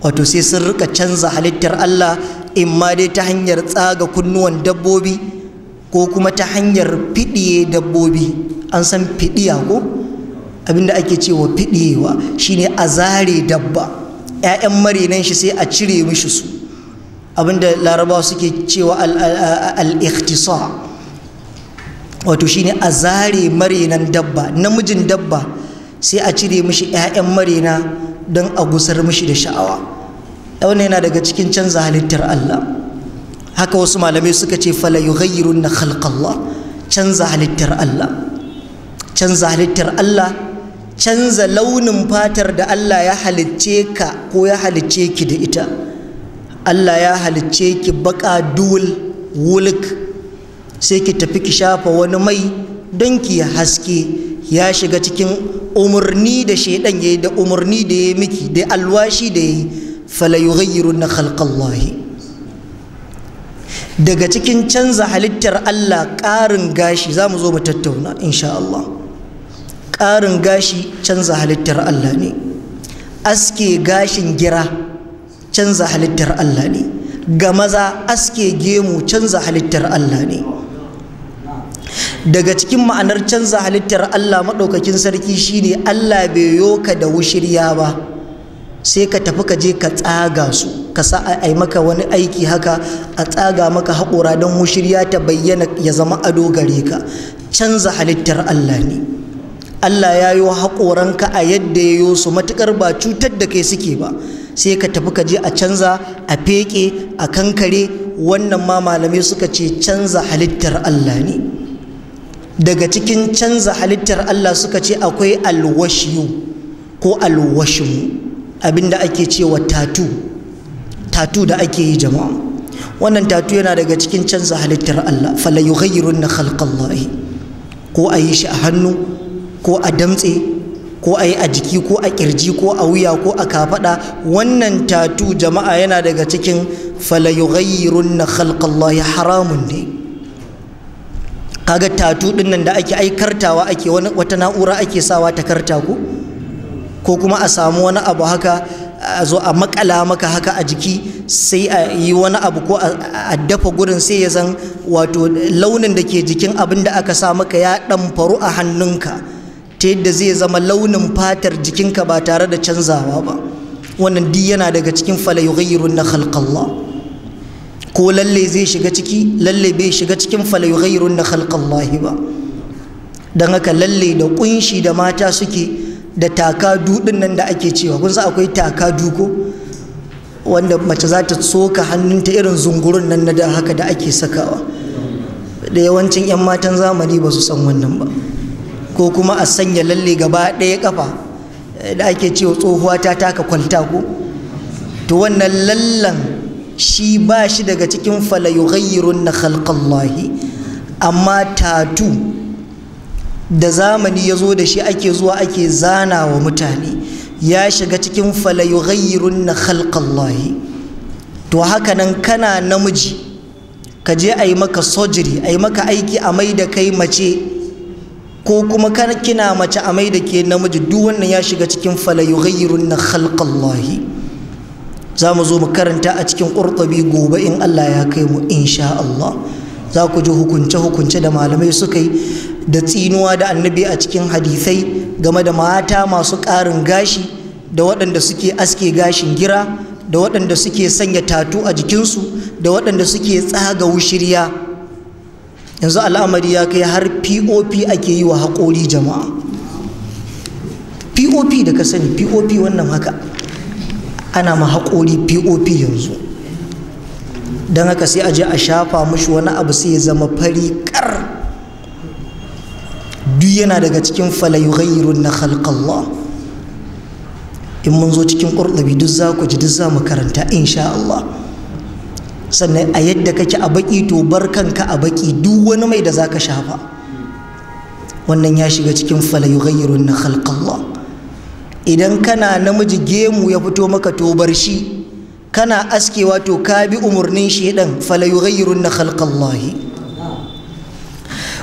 wato sai sun rika canza halittar Allah in ma dai ta hanyar tsaga kunnuwan dabbobi ko kuma ta hanyar fidiye dabbobi an san fidiya ko abinda ake cewa fidiyewa shine a zare dabba 'ya'yan marinan shi sai a cire mishi su abinda Laraba suke cewa aliktisa wato wato ne a zare marinan dabba namijin dabba sai a cire mishi 'ya'yan marina don a gusar mishi da sha'awa wannan yana daga cikin canza halittar Allah haka wasu malamai suka ce fala yughayyirun na khalqallah canza halittar Allah canza halittar Allah canza launin fatar da Allah ya halicce ka ko ya halicce ki da ita Allah ya halicce ki baka duwul wulik sai ki tafi ki shafa wani mai don ki haske ya shiga cikin umarni da shaidan ya yi da umarni da ya miki da alwashi da ya yi fala yughayyiru na khalqallahi daga cikin canza halittar Allah ƙarin gashi za mu zo mu tattauna insha Allah ƙarin gashi canza halittar Allah ne aske gashin gira canza halittar Allah ne ga maza aske gemu canza halittar Allah ne daga cikin ma'anar canza halittar Allah maɗaukakin sarki shine Allah bai yo ka da wushirya ba sai ka tafi ka je ka tsaga su ka sa a yi maka wani aiki haka a tsaga maka haƙora don wushirya ta bayyana ya zama ado gare ka canza halittar Allah ne Allah ya yi haƙoranka a yadda ya yi su matuƙar ba cutar da kai suke ba sai ka tafi ka je a canza a feƙe a kankare wannan ma malamai suka ce canza halittar Allah ne daga cikin canza halittar Allah suka ce akwai alwashiyu ko alwashimu abinda ake cewa tatu tatu da ake yi jama'a wannan tatu yana daga cikin canza halittar Allah fala na khalqallahi ko a yi shi a hannu ko a damtse ko a yi a jiki ko a kirji ko a wuya ko a kafaɗa wannan tatu jama'a yana daga cikin falayughayyirun na ya haramun ne kaga tatu din nan da ake aikartawa ake wata na'ura ake sawa ta karta ku ko kuma a samu wani abu haka a zo a makala maka haka a jiki sai a yi wani abu ko a dafa gurin sai ya zan wato launin da ke jikin abin da aka sa maka ya ɗan a hannunka ta yadda zai zama launin fatar jikinka ba tare da canzawa ba wannan duk yana daga cikin fala yughayyirun na khalqallah ko lalle zai shiga ciki lalle bai shiga cikin fala yughayyirun na khalqallah ba dan haka lalle da kunshi da mata suke da taka dudin nan da ake cewa kun san akwai taka ko wanda mace za ta soka hannunta irin zungurun nan na da haka da ake sakawa da yawancin 'yan matan zamani ba su san wannan ba ko kuma a sanya lalle gaba ɗaya ƙafa eh, da ake cewa tsohuwa ta taka kwalta ko to wannan lallan shi ba shi daga cikin falayughayyirun na khalqallahi amma tatu da zamani ya zo da shi ake zuwa ake zana wa mutane ya shiga cikin falayughayyirun na khalqallahi to haka nan kana namiji ka je a yi maka sojiri a yi maka aiki a mai da kai mace ko kuma kina mace a mai da ke namiji duk wannan ya shiga cikin fala na khalqallahi za mu zo mu karanta a cikin qurtubi gobe in Allah ya kai mu insha Allah za ku ji hukunce hukunce da malamai suka yi da tsinuwa da annabi a cikin hadisai game da mata masu ƙarin gashi da waɗanda suke aske gashin gira da waɗanda suke sanya tatu a jikinsu da waɗanda suke tsaga wushirya yanzu al'amari ya kai har pop ake yi wa haƙori jama'a pop da ka sani pop wannan haka ana ma haƙori pop yanzu don haka sai a je a shafa mushi wani abu sai ya zama fari kar duk yana daga cikin falayughayyirun na khalqallah in mun zo cikin ƙurɗabi duk za ku ji duk za mu karanta insha Allah sannan a yadda kake a baki to bar kanka a baki duk wani mai da zaka shafa wannan ya shiga cikin fala na khalqallah idan kana namiji gemu ya fito maka to bar shi kana askewa to ka bi umurnin shi dan fala yughayyirun na khalqallah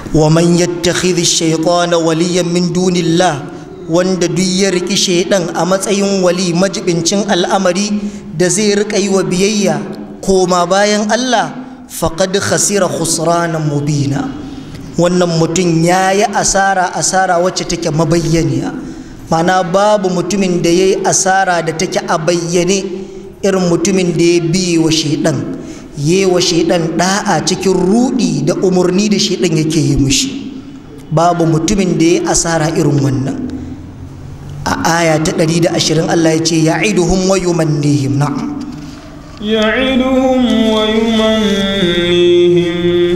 man يتخذ ash-shaytana waliyan min dunillah wanda duk ya riƙi shaidan a matsayin wali majibincin al'amari da zai riƙa yi wa biyayya koma bayan Allah faqad khasira khusranan mubina wannan mutum ya yi asara asara wacce take mabayyaniya mana babu mutumin da ya yi asara da take a bayyane irin mutumin da ya bi wa shaidan ya wa shaidan da'a cikin rudi da umarni da shaidan yake yi mushi babu mutumin da ya yi asara irin wannan a aya ta 120 Allah ya ce ya'iduhum wa yumannihim na'am يعدهم ويمنيهم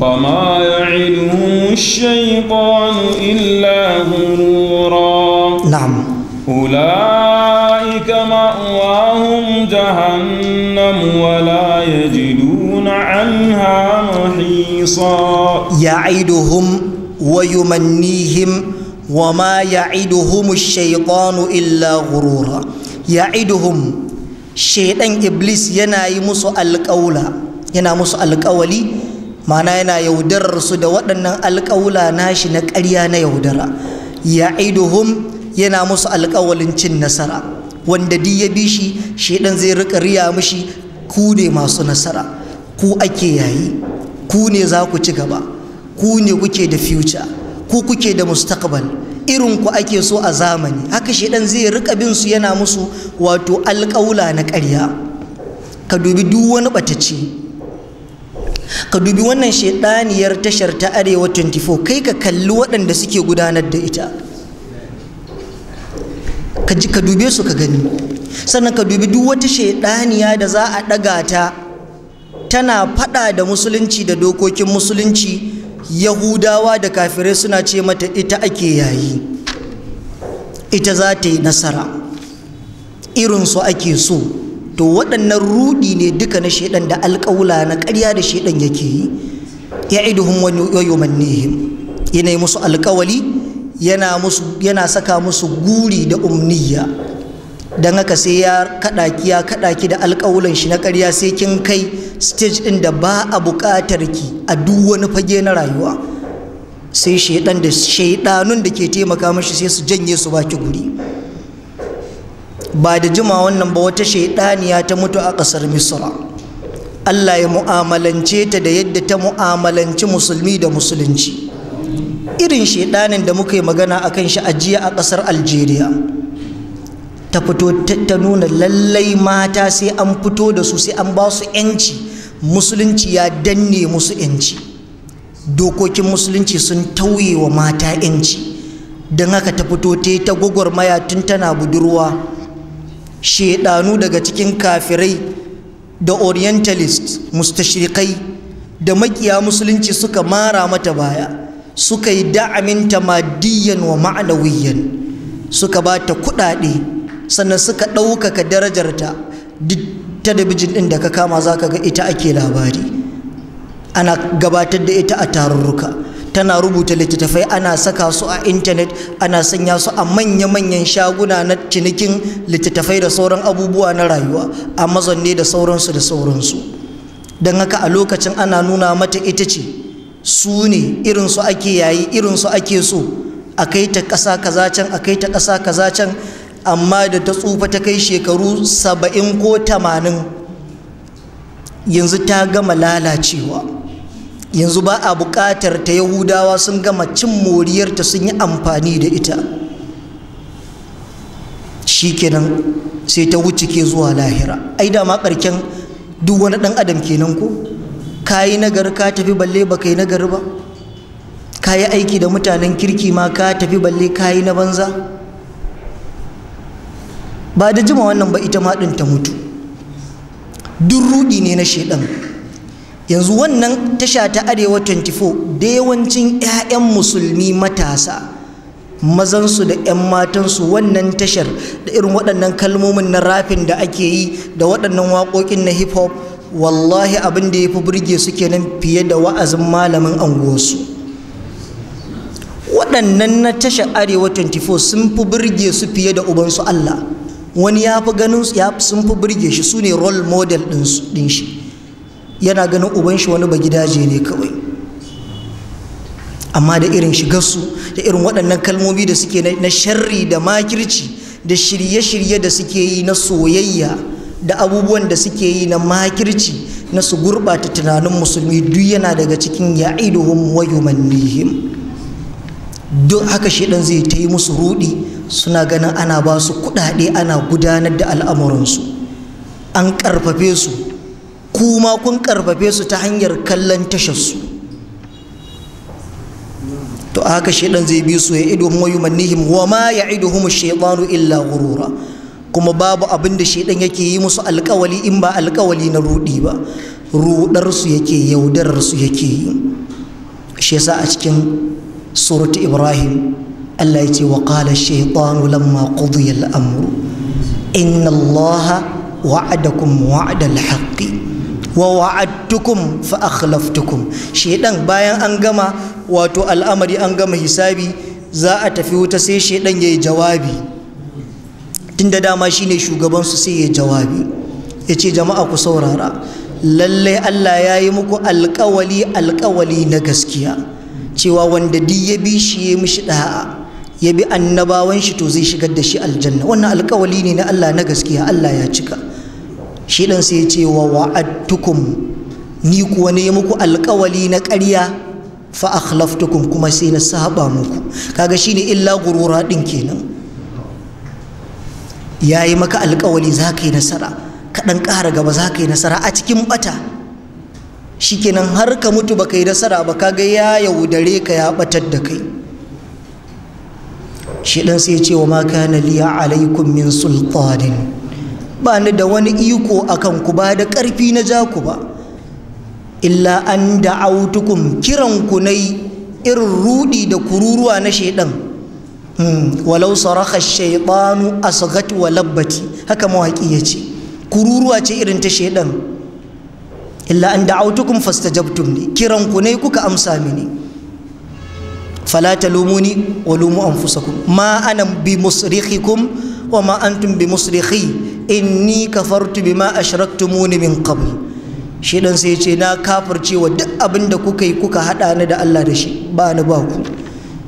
وما يعدهم الشيطان إلا غرورا نعم أولئك مأواهم جهنم ولا يجدون عنها محيصا يعدهم ويمنيهم وما يعدهم الشيطان إلا غرورا يعدهم shaidan iblis yana yi musu alƙaula yana musu alƙawali mana yana yaudarar su da waɗannan alƙaula nashi na ƙarya na yaudara ya iduhum yana musu alƙawalin cin nasara wanda duk ya bi shi shaidan zai rika riya mishi ku ne masu nasara ku ake yayi ku ne za ku ci gaba ku ne kuke da future ku kuke da mustaqbal irin ku ake so a zamani haka shedan zai rika bin su yana musu wato alƙaula na ƙarya ka dubi duk wani ɓatacce ka dubi wannan shedaniyar tashar ta arewa 24 kai ka kalli waɗanda suke gudanar da ita ka ji ka dube su ka gani sannan ka dubi duk wata shedaniya da za a ɗaga ta tana faɗa da musulunci da dokokin musulunci yahudawa da kafirai suna ce mata ita ake yayi ita za ta yi nasara irinsu ake so to waɗannan rudi ne duka na shaidan da alƙawula na ƙarya da shaidan yake yi ya iduhun wani yomannihim yanayi musu alƙawali yana saka musu guri da umniya don haka sai ya kaɗaki ya kaɗaki da alƙawulan shi na ƙarya sai kin kai stage ɗin da ba a buƙatar ki a duk wani fage na rayuwa sai shaidan da shaidanun da ke taimaka mashi sai su janye su baki guri ba da jima wannan ba wata shaidaniya ta mutu a ƙasar misra allah ya mu'amalance ta da yadda ta mu'amalanci musulmi da musulunci irin shaidanin da muka yi magana a kan shi ajiya a ƙasar algeria ta fito ta nuna lallai mata sai an fito da su sai an ba su 'yanci musulunci ya danne musu yanci dokokin musulunci sun tauye wa mata yanci don haka ta fito ta ta gwagwarmaya tun tana budurwa shedanu daga cikin kafirai da orientalist mustashirikai da makiya musulunci suka mara mata baya suka yi da'aminta madiyan wa ma'anawiyan suka ba ta kuɗaɗe sannan suka ɗaukaka darajarta duk talabijin ɗin da ka kama za ka ga ita ake labari ana gabatar da ita a tarurruka tana rubuta littattafai ana saka su a intanet ana sanya su a manya-manyan shaguna na cinikin littattafai da sauran abubuwa na rayuwa a mazanne da sauransu da sauransu don haka a lokacin ana nuna mata ita ce su ne irinsu ake yayi irinsu ake so a kai ta ƙasa kaza can a kai ta ƙasa kaza can amma da ta tsufa ta kai shekaru saba'in ko tamanin yanzu ta gama lalacewa yanzu ba a buƙatar ta yahudawa sun gama cin moriyarta sun yi amfani da ita shi kenan sai ta wuce ke zuwa lahira ai da ma ƙarken duk wani ɗan adam kenan ko ka yi nagari ka tafi balle ba ka yi nagari ba ka yi aiki da mutanen kirki ma ka tafi balle ka yi na banza ba da jima wannan ba ita ma ɗin ta mutu duk rudi ne na shaidan yanzu wannan tasha ta arewa 24 da yawancin 'ya'yan musulmi matasa mazansu da 'yan matansu wannan tashar da irin waɗannan kalmomin na rafin da ake yi da waɗannan waƙoƙin na hip hop wallahi abin da ya fi burge su kenan fiye da wa'azin malamin anguwarsu waɗannan na tashar arewa 24 sun fi burge su fiye da ubansu allah wani ya fi ganin sun fi birge shi su ne role model ɗin shi yana ganin uban shi wani ba bagidaje ne kawai amma da irin shigarsu da irin waɗannan kalmomi da suke na sharri da makirci da shirye-shirye da suke yi na soyayya da abubuwan da suke yi na makirci na su gurɓata tunanin musulmi duk yana daga cikin ya'iduhum wa yumannihim duk haka ɗan zai ta yi musu ruɗi. suna ganin ana ba su kuɗaɗe ana gudanar da al'amuransu an ƙarfafesu. su kuma kun ƙarfafesu su ta hanyar kallon tasharsu to haka shaidan zai bi su ya ido wa yumannihim wa ma ya'iduhum ash-shaytanu illa ghurura kuma babu abin da shaidan yake yi musu alƙawali in ba alƙawali na rudi ba rudar su yake yaudarar su yake yi shi yasa a cikin surat ibrahim Allah ya ce wa qala shaytanu lamma qudiya al-amru inna Allah wa'adakum wa'da haqqi wa wa'adtukum fa akhlaftukum shedan bayan an gama wato al'amari an gama hisabi za a tafi wuta sai shedan yayi jawabi tunda dama shine shugaban su sai yayi jawabi yace jama'a ku saurara lalle Allah ya yi muku alƙawali alƙawali na gaskiya cewa wanda duk ya bi shi ya mishi da'a ya bi annabawan shi to zai shigar da shi aljanna wannan alkawali ne na Allah na gaskiya Allah ya cika shi dan sai ya ce wa wa'adtukum ni kuwa ne muku alkawali na ƙarya fa akhlaftukum kuma sai na saba muku kaga shine illa gurura din kenan yayi maka alkawali za ka yi nasara ka dan ƙara gaba za ka yi nasara a cikin bata shikenan har ka mutu baka yi nasara ba kaga ya yaudare ka ya batar da kai shi dan sai ya ce wa ma kana liya alaikum min sultanin ba ni da wani iko akan ku ba da ƙarfi na ja ku ba illa an da'autukum kiran ku nai irin rudi da kururuwa na shaidan hmm, walau sarakha shaytanu asghat wa labbati haka mawaki ce kururuwa ce irin ta shaidan illa an fasta fastajabtum ne. kiran ku ne kuka amsa mini fala talumuni wa lumu anfusakum ma ana bi musrikhikum wa ma antum bi musrikhi inni kafartu bima ashraktumuni min qabl shi dan sai ce na kafirce wa duk abin da kuka yi kuka haɗa ni da Allah da shi ba ni ba ku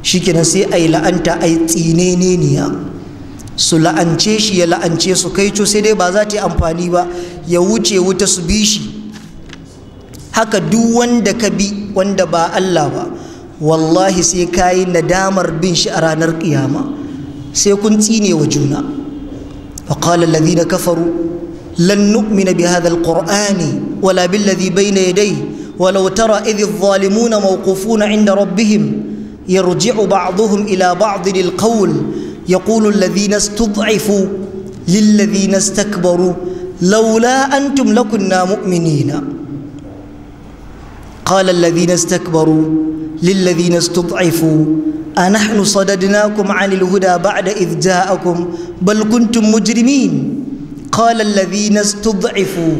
shikenan sai ai la'anta ai ya su la'ance shi ya la'ance su kai co sai dai ba za ta yi amfani ba ya wuce wuta su bi shi haka duk wanda ka bi wanda ba Allah ba والله سي سيكاي ندامر بن شعران القيامة سيكون تيني وجونا فقال الذين كفروا لن نؤمن بهذا القرآن ولا بالذي بين يديه ولو ترى إذ الظالمون موقوفون عند ربهم يرجع بعضهم إلى بعض للقول يقول الذين استضعفوا للذين استكبروا لولا أنتم لكنا مؤمنين قال الذين استكبروا للذين استضعفوا أنحن صددناكم عن الهدى بعد إذ جاءكم بل كنتم مجرمين قال الذين استضعفوا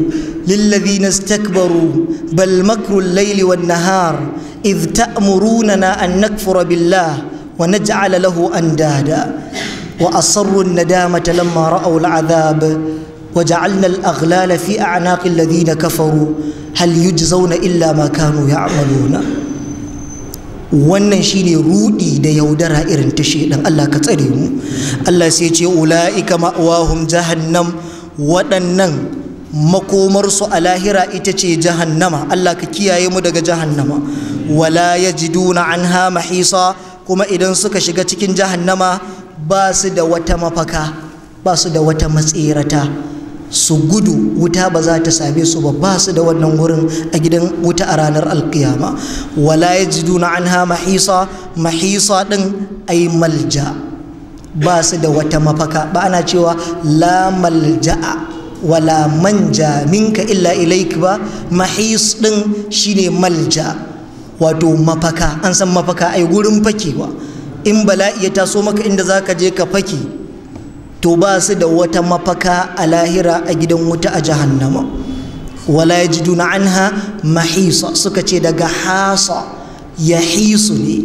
للذين استكبروا بل مكر الليل والنهار إذ تأمروننا أن نكفر بالله ونجعل له أندادا وأصروا الندامة لما رأوا العذاب وجعلنا الأغلال في أعناق الذين كفروا هل يجزون إلا ما كانوا يعملون wannan shine rudi da yaudara irin ta shedan Allah ka tsare mu Allah sai ya ce ulaika ma'wahum jahannam waɗannan makomarsu a lahira ita ce jahannama Allah ka kiyaye mu daga jahannama wala yajiduna anha mahisa kuma idan suka shiga cikin jahannama ba su da wata mafaka ba su da wata matsirata su gudu wuta ba za ta same su ba ba su da wannan wurin a gidan wuta a ranar alkiyama wala ya ji duna an ha mahisa mahisa ɗin ai malja ba su da wata mafaka ba ana cewa la malja'a wala manja minka illa ilaik ba mahis ɗin shi ne malja wato mafaka an san mafaka ai gurin fakewa in bala'i ya taso maka inda za ka je ka fake to ba su da wata mafaka a lahira a gidan wuta a jahannama wala an ha? mahisa suka ce daga hasa ya hisu ne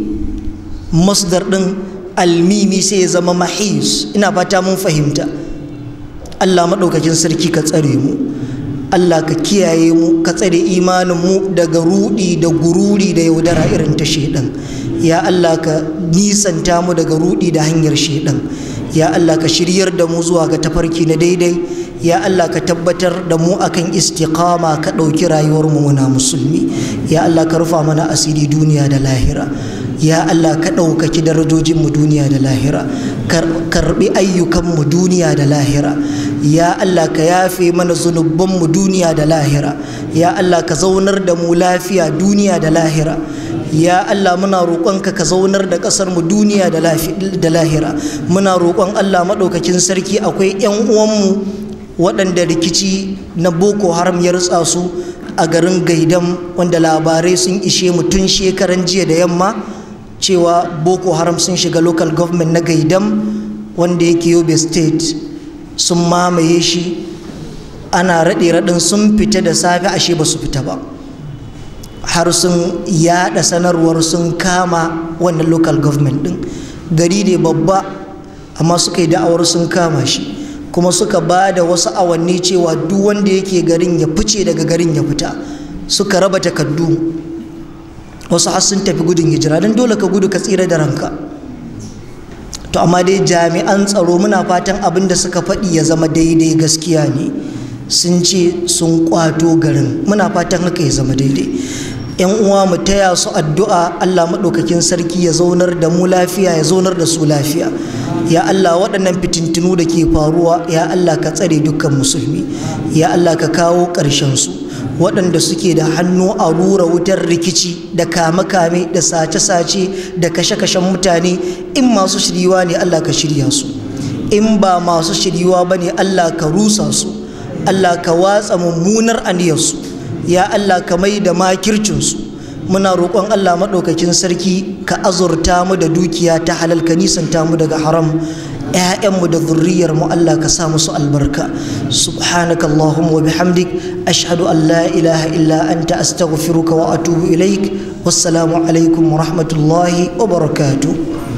masdar ɗin almimi sai ya zama mahis ina fata mun fahimta Allah maɗaukakin sarki ka tsare mu Allah ka kiyaye mu ka tsare imanin mu daga rudi da gururi da yaudara irin ta shaiɗan ya Allah ka nisanta mu daga rudi da hanyar shaiɗan ya Allah ka shiryar da mu zuwa ga tafarki na daidai ya Allah ka tabbatar da mu akan istiqama ka ɗauki rayuwarmu mu muna musulmi ya Allah ka rufa mana asiri duniya da lahira ya Allah ka ɗaukaki darajojinmu duniya da lahira karɓi ayyukanmu duniya da lahira ya Allah ka yafe mana zunubanmu duniya da lahira ya Allah ka zaunar da mu lafiya duniya da lahira ya Allah muna roƙonka ka zaunar da ƙasar mu duniya da lahira muna roƙon Allah maɗaukakin sarki akwai 'yan uwanmu waɗanda rikici na boko haram ya rutsa su a garin Gaidan, wanda labarai sun ishe mu tun shekaran jiya da yamma cewa boko haram sun shiga local government na Gaidan, wanda yake yobe state sun mamaye shi ana raɗe raɗin sun fita da safe ashe ba su fita ba har sun yaɗa sanarwar sun kama wannan local government ɗin gari ne babba amma suka yi da'awar sun kama shi kuma suka ba da wasu awanni cewa duk wanda yake garin ya fice daga garin ya fita suka raba takardu wasu har sun tafi gudun hijira don dole ka gudu ka tsira da ranka to amma dai jami'an tsaro muna fatan abin da suka faɗi ya zama daidai gaskiya ne sun ce sun kwato garin muna fatan haka ya zama daidai yan uwa mu taya su addu'a Allah maɗaukakin sarki ya zaunar da mu lafiya ya zaunar da su lafiya ya Allah waɗannan fitintinu da ke faruwa ya Allah ka tsare dukkan musulmi ya Allah ka kawo ƙarshen su waɗanda suke da hannu a rura wutar rikici da kame-kame da sace-sace da kashe-kashen mutane in masu shiriwa ne Allah ka shirya su in ba masu shiriwa ba ne Allah ka rusa su Allah ka watsa mummunar aniyarsu ya Allah ka mai da makircinsu muna roƙon Allah maɗaukakin sarki ka azurta mu da dukiya ta halal ka nisanta mu daga haram ‘ya'yanmu da zurriyarmu Allah ka sa musu albarka subhanaka Allahumma wa bihamdik ashhadu an la ilaha illa anta astaghfiruka wa atubu ilaik wassalamu alaikum wa rahmatullahi wa barakatuh